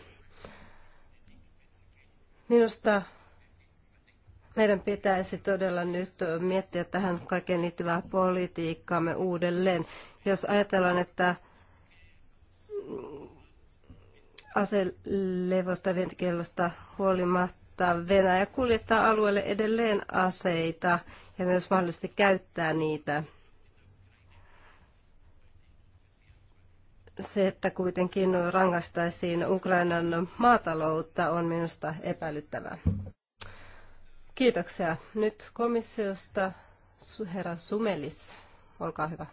Minusta meidän pitäisi todella nyt miettiä tähän kaiken liittyvää politiikkaamme uudelleen. Jos ajatellaan, että aselevosta ja huolimatta Venäjä kuljettaa alueelle edelleen aseita ja myös mahdollisesti käyttää niitä. Se, että kuitenkin rangaistaisiin Ukrainan maataloutta, on minusta epäilyttävää. Kiitoksia. Nyt komissiosta herra Sumelis, olkaa hyvä.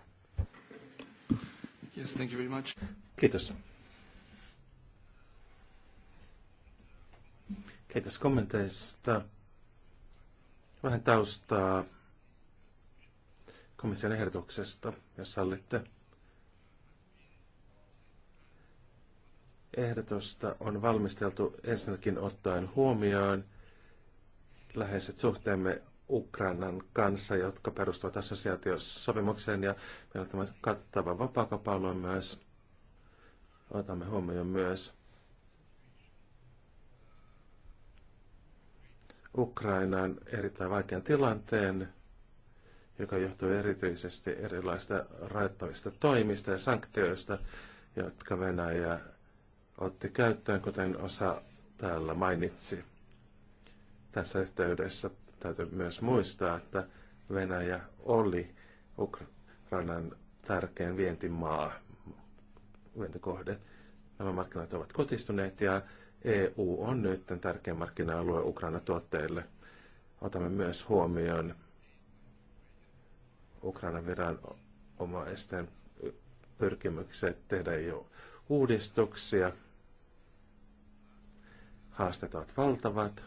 Yes, thank you very much. Kiitos. Kiitos kommenteista. Vähän taustaa komission ehdotuksesta, jos sallitte. Ehdotusta on valmisteltu ensinnäkin ottaen huomioon – läheiset suhteemme Ukrainan kanssa, jotka perustuvat assosiaatiosopimukseen ja meillä on tämä kattava vapaakapalu myös. Otamme huomioon myös Ukrainan erittäin vaikean tilanteen, joka johtuu erityisesti erilaista rajoittavista toimista ja sanktioista, jotka Venäjä otti käyttöön, kuten osa täällä mainitsi. Tässä yhteydessä täytyy myös muistaa, että Venäjä oli Ukrainan tärkein vientimaa, vientikohde. Nämä markkinat ovat kotistuneet ja EU on nyt tärkein markkina-alue Ukraina-tuotteille. Otamme myös huomioon Ukrainan viranomaisten pyrkimykset tehdä jo uudistuksia. Haasteet ovat valtavat.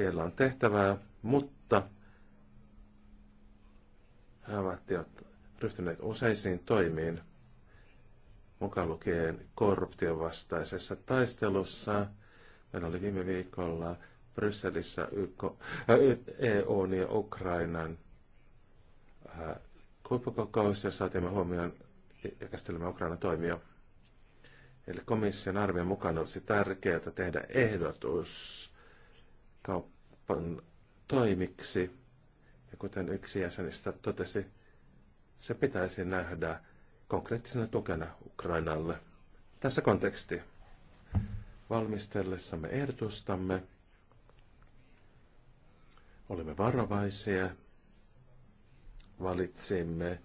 Vielä on tehtävää, mutta he ovat ryhtyneet useisiin toimiin, mukaan lukien korruption vastaisessa taistelussa. Meillä oli viime viikolla Brysselissä YK, äh, EUn ja Ukrainan kuippukokous, äh, jossa otimme huomioon ja käsittelemme Ukrainan toimia. Eli komission arvion mukaan olisi tärkeää tehdä ehdotus kaupan toimiksi. Ja kuten yksi jäsenistä totesi, se pitäisi nähdä konkreettisena tukena Ukrainalle. Tässä konteksti valmistellessamme ehdotustamme olemme varovaisia, valitsimme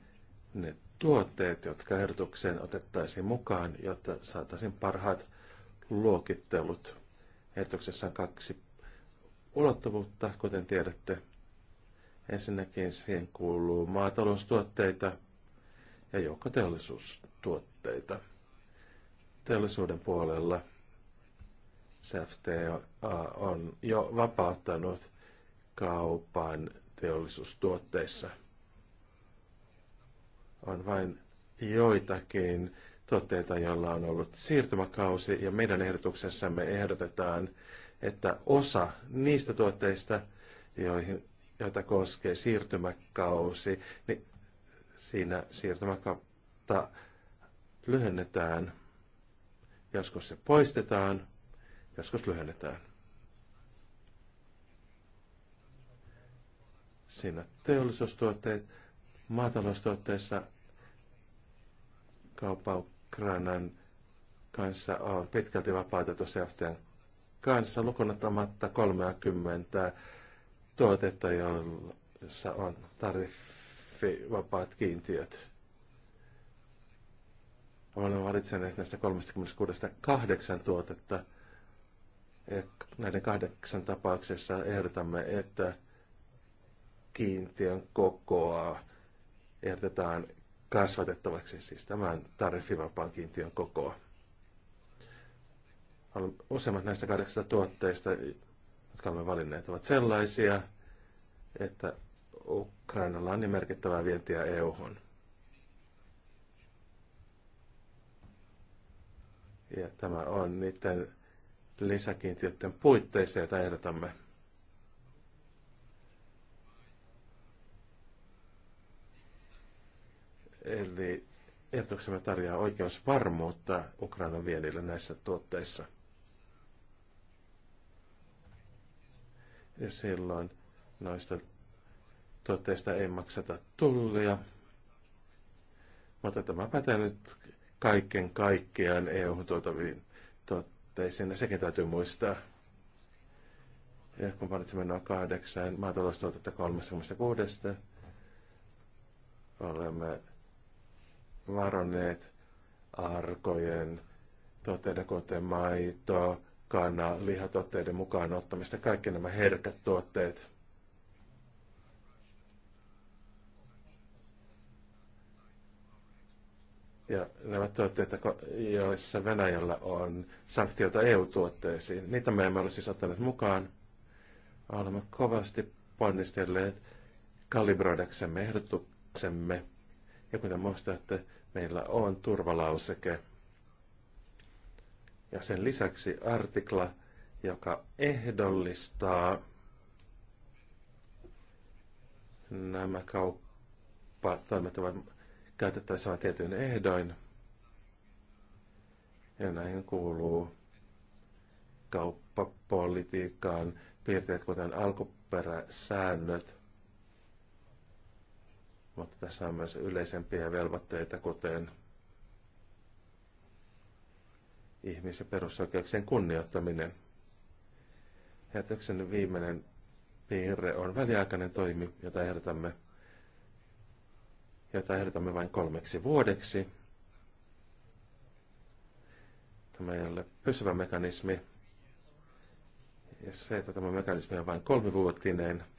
ne tuotteet, jotka ehdotukseen otettaisiin mukaan, jotta saataisiin parhaat luokittelut. Ehdotuksessa on kaksi ulottuvuutta, kuten tiedätte. Ensinnäkin siihen kuuluu maataloustuotteita ja joukkoteollisuustuotteita. Teollisuuden puolella SFTA on jo vapauttanut kaupan teollisuustuotteissa. On vain joitakin tuotteita, joilla on ollut siirtymäkausi, ja meidän ehdotuksessamme ehdotetaan, että osa niistä tuotteista, joihin, joita koskee siirtymäkausi, niin siinä siirtymäkautta lyhennetään. Joskus se poistetaan, joskus lyhennetään. Siinä teollisuustuotteet, maataloustuotteissa kauppa Ukrainan kanssa on pitkälti vapautettu CFTn kanssa lukunottamatta 30 tuotetta, joissa on tariffivapaat kiintiöt. Olen valitsenut näistä 36 kahdeksan tuotetta. näiden kahdeksan tapauksessa ehdotamme, että kiintiön kokoa ehdotetaan kasvatettavaksi, siis tämän tariffivapaan kiintiön kokoa. Useimmat näistä kahdeksasta tuotteista, jotka olemme valinneet, ovat sellaisia, että Ukrainalla on niin merkittävää vientiä EU-hun. Ja tämä on niiden lisäkiintiöiden puitteissa, joita ehdotamme. Eli ehdotuksemme tarjoaa oikeusvarmuutta Ukrainan vienille näissä tuotteissa. ja silloin noista tuotteista ei makseta tullia. Mutta tämä pätee nyt kaiken kaikkiaan EU-tuotaviin tuotteisiin, ja sekin täytyy muistaa. Ja kun valitsemme noin kahdeksan maataloustuotetta 36, olemme varonneet arkojen tuotteiden, kuten maitoa, kana lihatuotteiden mukaan ottamista, kaikki nämä herkät tuotteet. Ja nämä tuotteet, joissa Venäjällä on sanktioita EU-tuotteisiin, niitä me emme ole siis ottaneet mukaan. Olemme kovasti ponnistelleet kalibroidaksemme ehdotuksemme. Ja kuten muistatte, meillä on turvalauseke – ja sen lisäksi artikla, joka ehdollistaa nämä kauppatoimet ovat käytettävissä vain tietyin ehdoin. Ja näihin kuuluu kauppapolitiikkaan piirteet, kuten alkuperäsäännöt. Mutta tässä on myös yleisempiä velvoitteita, kuten ihmis- ja perusoikeuksien kunnioittaminen. Ehdotuksen viimeinen piirre on väliaikainen toimi, jota ehdotamme, jota ehdotamme vain kolmeksi vuodeksi. Tämä ei ole pysyvä mekanismi. Ja se, että tämä mekanismi on vain kolmivuotinen –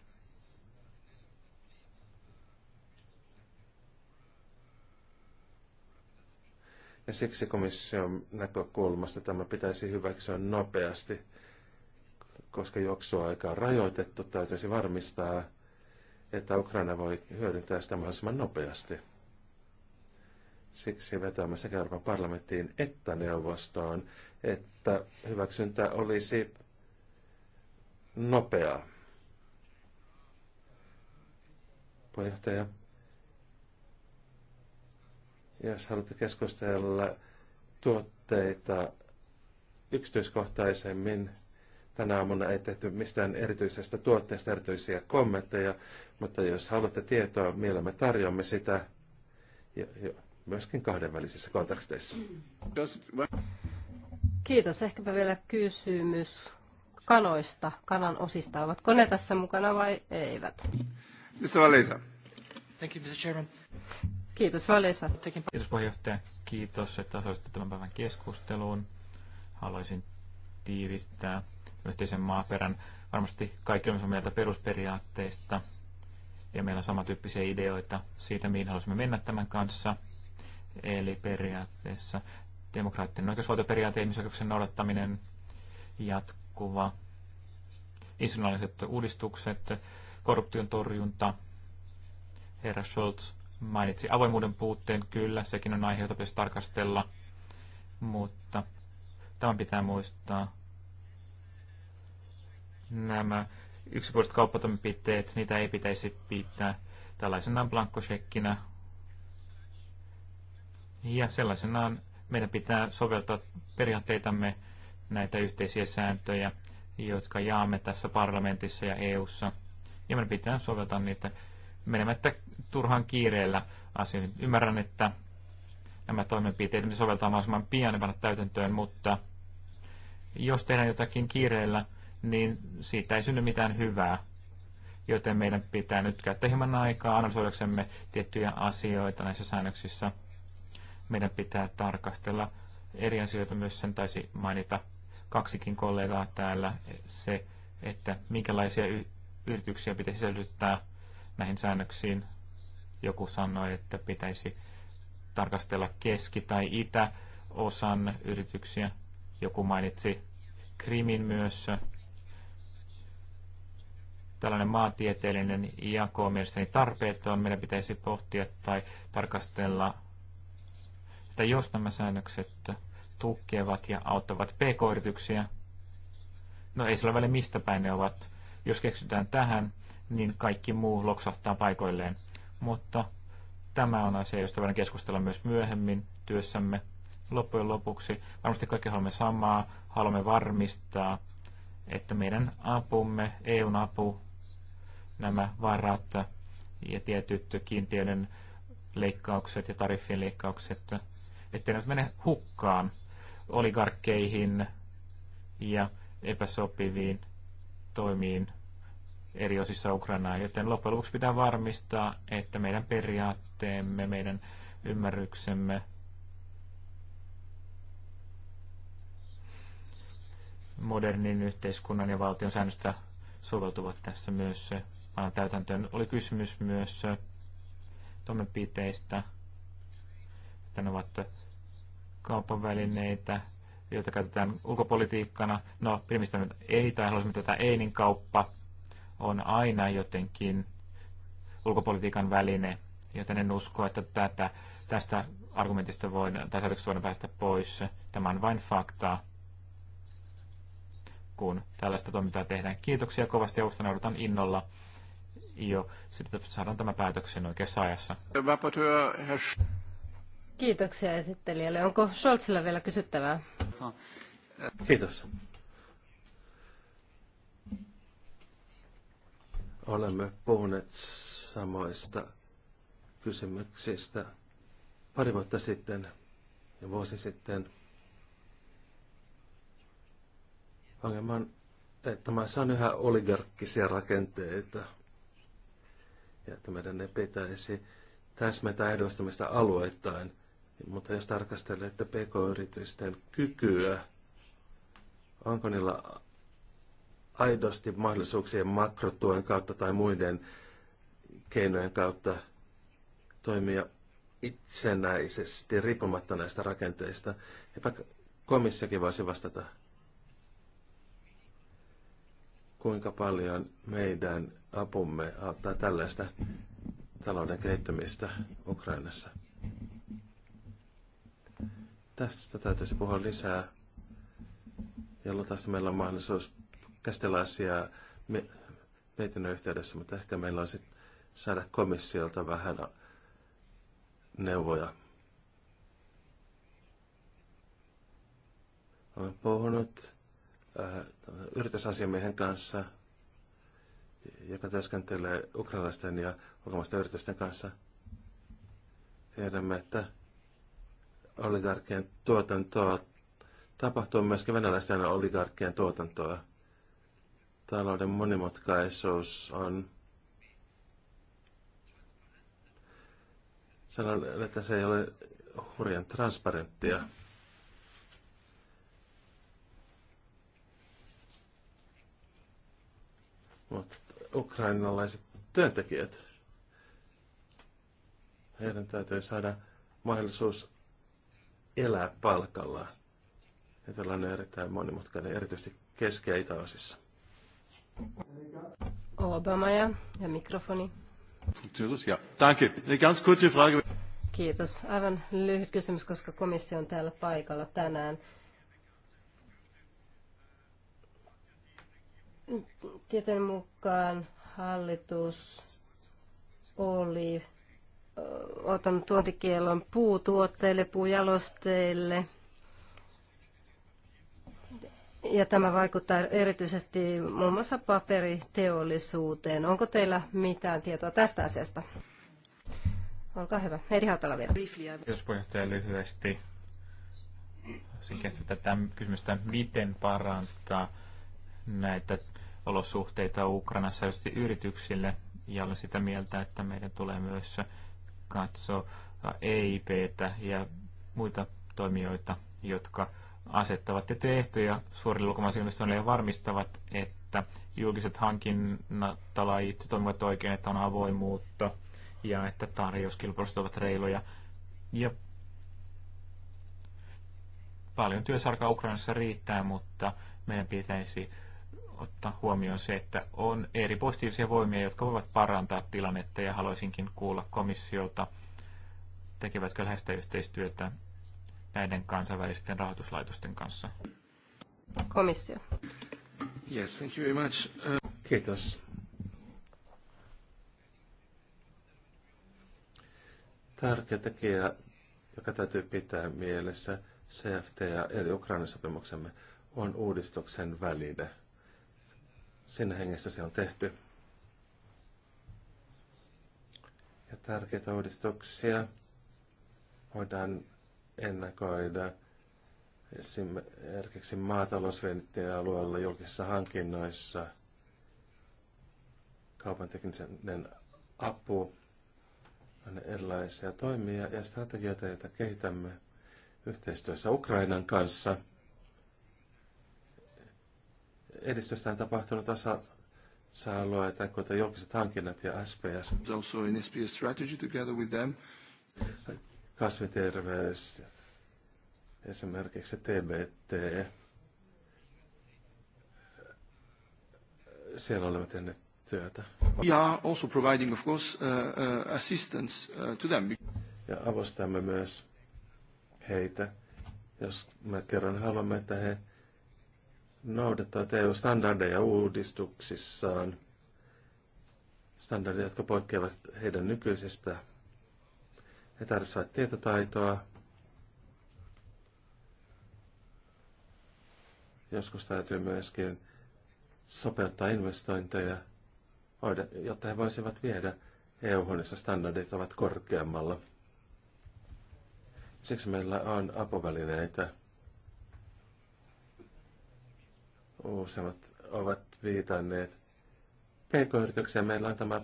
Ja siksi komission näkökulmasta tämä pitäisi hyväksyä nopeasti, koska juoksuaika on rajoitettu, täytyisi varmistaa, että Ukraina voi hyödyntää sitä mahdollisimman nopeasti. Siksi vetämme sekä Euroopan parlamenttiin että neuvostoon, että hyväksyntä olisi nopeaa. Puheenjohtaja jos haluatte keskustella tuotteita yksityiskohtaisemmin, tänä aamuna ei tehty mistään erityisestä tuotteesta erityisiä kommentteja, mutta jos haluatte tietoa, millä me tarjoamme sitä, ja, ja myöskin kahdenvälisissä konteksteissa. Kiitos. Ehkäpä vielä kysymys kanoista, kanan osista. Ovatko ne tässä mukana vai eivät? Mr. Valisa. Thank you, Mr. Chairman. Kiitos Valesa. Kiitos puheenjohtaja. Kiitos, että osallistuit tämän päivän keskusteluun. Haluaisin tiivistää yhteisen maaperän. Varmasti kaikki olemme mieltä perusperiaatteista ja meillä on samantyyppisiä ideoita siitä, mihin haluaisimme mennä tämän kanssa. Eli periaatteessa demokraattinen oikeusvaltioperiaate, ihmisoikeuksien noudattaminen, jatkuva, institutionaaliset uudistukset, korruption torjunta. Herra Scholz mainitsi avoimuuden puutteen, kyllä, sekin on aihe, jota pitäisi tarkastella, mutta tämä pitää muistaa. Nämä yksipuoliset kauppatoimenpiteet, niitä ei pitäisi pitää tällaisenaan blankkosekkinä. Ja sellaisenaan meidän pitää soveltaa periaatteitamme näitä yhteisiä sääntöjä, jotka jaamme tässä parlamentissa ja EU:ssa. Ja meidän pitää soveltaa niitä menemättä turhan kiireellä asioihin. Ymmärrän, että nämä toimenpiteet me soveltaa mahdollisimman pian ja panna täytäntöön, mutta jos tehdään jotakin kiireellä, niin siitä ei synny mitään hyvää. Joten meidän pitää nyt käyttää hieman aikaa analysoidaksemme tiettyjä asioita näissä säännöksissä. Meidän pitää tarkastella eri asioita myös, sen taisi mainita kaksikin kollegaa täällä, se, että minkälaisia yrityksiä pitäisi sisällyttää näihin säännöksiin. Joku sanoi, että pitäisi tarkastella keski- tai itäosan yrityksiä. Joku mainitsi Krimin myös. Tällainen maantieteellinen jako on mielestäni tarpeeton. Meidän pitäisi pohtia tai tarkastella, että jos nämä säännökset tukevat ja auttavat pk-yrityksiä, no ei sillä väli mistä päin ne ovat, jos keksitään tähän, niin kaikki muu loksahtaa paikoilleen. Mutta tämä on asia, josta voidaan keskustella myös myöhemmin työssämme. Loppujen lopuksi varmasti kaikki haluamme samaa, haluamme varmistaa, että meidän apumme, EUn apu, nämä varat ja tietyt kiintiöiden leikkaukset ja tariffien leikkaukset, ettei ne mene hukkaan oligarkkeihin ja epäsopiviin toimiin eri osissa Ukrainaa, joten loppujen lopuksi pitää varmistaa, että meidän periaatteemme, meidän ymmärryksemme modernin yhteiskunnan ja valtion säännöstä soveltuvat tässä myös maan täytäntöön. Oli kysymys myös toimenpiteistä, että ne ovat kaupan välineitä, joita käytetään ulkopolitiikkana. No, pidemmistämme ei, tai haluaisimme tätä ei, niin kauppa on aina jotenkin ulkopolitiikan väline, joten en usko, että tätä, tästä argumentista voi tai voidaan päästä pois. Tämä on vain faktaa, kun tällaista toimintaa tehdään. Kiitoksia kovasti ja odotan innolla jo sitten saadaan tämä päätöksen oikeassa ajassa. Kiitoksia esittelijälle. Onko Scholzilla vielä kysyttävää? Kiitos. olemme puhuneet samoista kysymyksistä pari vuotta sitten ja vuosi sitten. Ongelma on, että maassa on yhä oligarkkisia rakenteita ja että meidän ne pitäisi täsmätä edustamista alueittain. Mutta jos tarkastellaan, että pk-yritysten kykyä, onko niillä aidosti mahdollisuuksien makrotuen kautta tai muiden keinojen kautta toimia itsenäisesti riippumatta näistä rakenteista. Epä komissiokin voisi vastata, kuinka paljon meidän apumme auttaa tällaista talouden kehittymistä Ukrainassa. Tästä täytyisi puhua lisää. Ja luultavasti meillä on mahdollisuus käsitellä asiaa mietinnön yhteydessä, mutta ehkä meillä on sitten saada komissiolta vähän neuvoja. Olen puhunut äh, yritysasiamiehen kanssa, joka työskentelee ukrainalaisten ja ulkomaisten yritysten kanssa. Tiedämme, että oligarkkien tuotantoa tapahtuu myöskin venäläisten oligarkkien tuotantoa talouden monimutkaisuus on sanon, että se ei ole hurjan transparenttia. Mutta ukrainalaiset työntekijät, heidän täytyy saada mahdollisuus elää palkallaan. Ja tällainen erittäin monimutkainen, erityisesti keski- ja itäosissa. Obermeier ja mikrofoni. Ja, danke. Eine ganz kurze Frage. Kiitos. Aivan lyhyt kysymys, koska komissio on täällä paikalla tänään. Tieteen mukaan hallitus oli ottanut tuontikielon puutuotteille, puujalosteille – ja tämä vaikuttaa erityisesti muun muassa paperiteollisuuteen. Onko teillä mitään tietoa tästä asiasta? Olkaa hyvä. Heidi Hautala vielä. Jos puheenjohtaja lyhyesti haluaisin käsitellä tätä kysymystä, miten parantaa näitä olosuhteita Ukrainassa yrityksille. Ja olen sitä mieltä, että meidän tulee myös katsoa EIPtä ja muita toimijoita, jotka asettavat tiettyjä ehtoja suorille ulkomaisille ja varmistavat, että julkiset hankinnat toimivat oikein, että on avoimuutta ja että tarjouskilpailut ovat reiluja. Ja paljon työsarkaa Ukrainassa riittää, mutta meidän pitäisi ottaa huomioon se, että on eri positiivisia voimia, jotka voivat parantaa tilannetta ja haluaisinkin kuulla komissiolta, tekevätkö lähestä yhteistyötä näiden kansainvälisten rahoituslaitosten kanssa? Komissio. Yes, thank you very much. Uh... Kiitos. Tärkeä tekijä, joka täytyy pitää mielessä CFTA eli Ukrainan sopimuksemme, on uudistuksen väline. Sinne hengessä se on tehty. Ja tärkeitä uudistuksia voidaan ennakoida esimerkiksi alueella julkisissa hankinnoissa kaupan tekninen apu on erilaisia toimia ja strategioita, joita kehitämme yhteistyössä Ukrainan kanssa. Edistöstä on tapahtunut osa alueita, kuten julkiset hankinnat ja SPS. Also SPS strategy together with them kasviterveys, esimerkiksi TBT. Siellä olemme tehneet työtä. We are also providing, of course, uh, uh, assistance uh, to them. Ja avustamme myös heitä, jos me kerran niin haluamme, että he noudattavat EU-standardeja uudistuksissaan, standardeja, jotka poikkeavat heidän nykyisistä he tarvitsevat tietotaitoa. Joskus täytyy myöskin sopeuttaa investointeja, jotta he voisivat viedä eu jossa standardit ovat korkeammalla. Siksi meillä on apuvälineitä. Useimmat ovat viitanneet PK-yrityksiä. Meillä on tämä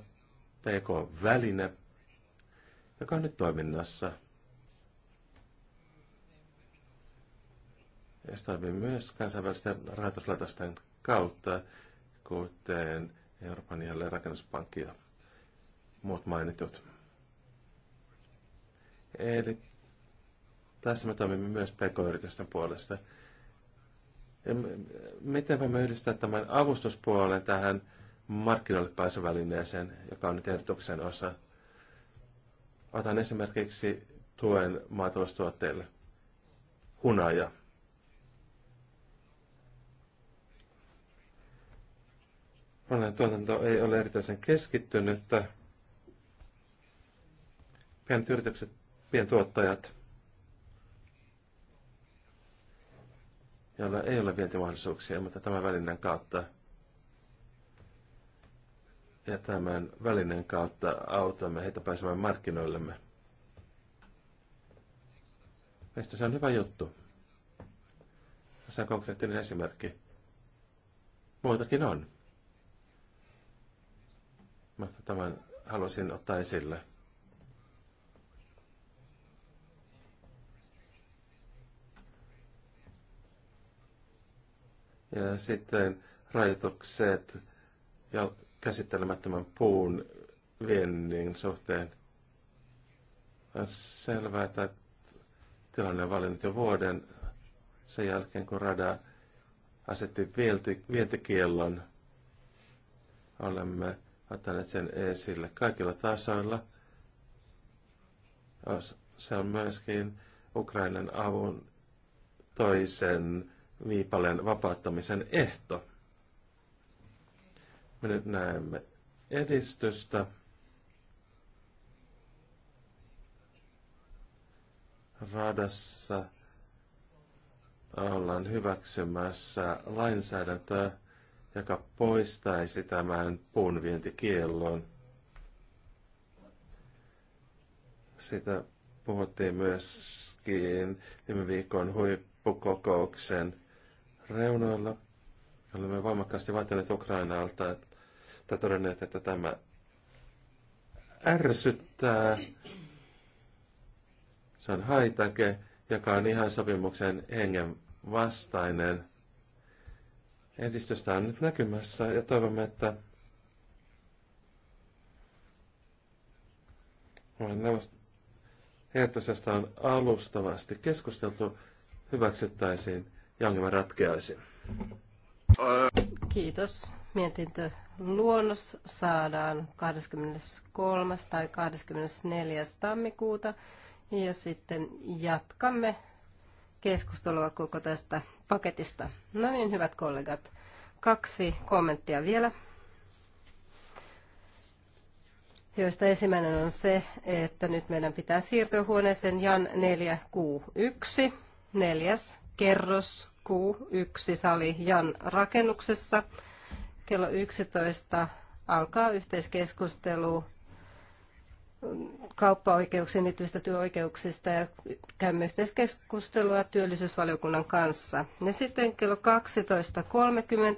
PK-väline, joka on nyt toiminnassa. Ja se toimii myös kansainvälisten rahoituslaitosten kautta, kuten Euroopan jälleenrakennuspankki ja muut mainitut. Eli tässä me toimimme myös pk-yritysten puolesta. Ja miten voimme yhdistää tämän avustuspuolen tähän markkinoille pääsyvälineeseen, joka on nyt ehdotuksen osa? Otan esimerkiksi tuen maataloustuotteille. Hunaja. Hunajan tuotanto ei ole erityisen keskittynyt. Pienet yritykset, pientuottajat, joilla ei ole vientimahdollisuuksia, mutta tämä välinen kautta – ja tämän välinen kautta autamme heitä pääsemään markkinoillemme. Meistä se on hyvä juttu. Tässä on konkreettinen esimerkki. Muitakin on. Mutta tämän halusin ottaa esille. Ja sitten rajoitukset ja käsittelemättömän puun viennin suhteen. On selvää, että tilanne on valinnut jo vuoden sen jälkeen, kun Rada asetti vientikiellon. Olemme ottaneet sen esille kaikilla tasoilla. Se on myöskin Ukrainan avun toisen viipaleen vapauttamisen ehto. Me nyt näemme edistystä. Radassa ollaan hyväksymässä lainsäädäntöä, joka poistaisi tämän puun vientikiellon. Sitä puhuttiin myöskin viime viikon huippukokouksen reunoilla. Olemme voimakkaasti vaatineet Ukrainalta, että että todenneet, että tämä ärsyttää. Se on haitake, joka on ihan sopimuksen hengen vastainen. Edistystä on nyt näkymässä ja toivomme, että Hertosesta on alustavasti keskusteltu, hyväksyttäisiin ja ongelma ratkeaisi. Kiitos. Mietintö luonnos saadaan 23. tai 24. tammikuuta ja sitten jatkamme keskustelua koko tästä paketista. No niin, hyvät kollegat, kaksi kommenttia vielä, joista ensimmäinen on se, että nyt meidän pitää siirtyä huoneeseen Jan 4Q1, neljäs kerros Q1 sali Jan rakennuksessa – kello 11 alkaa yhteiskeskustelu kauppaoikeuksien liittyvistä työoikeuksista ja käymme yhteiskeskustelua työllisyysvaliokunnan kanssa. Ja sitten kello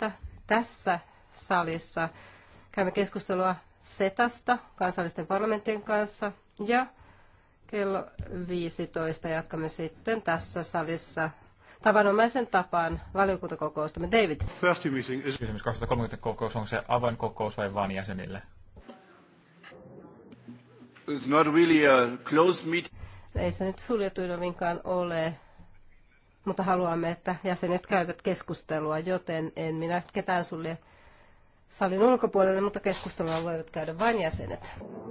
12.30 tässä salissa käymme keskustelua SETasta kansallisten parlamenttien kanssa ja kello 15 jatkamme sitten tässä salissa tavanomaisen tapaan valiokuntakokoustamme. David. Kysymys 230 kokous, onko se avainkokous vai vain jäsenille? It's not really a closed meet. Ei se nyt suljetuinovinkaan ole, mutta haluamme, että jäsenet käyvät keskustelua, joten en minä ketään sulje salin ulkopuolelle, mutta keskustelua voivat käydä vain jäsenet.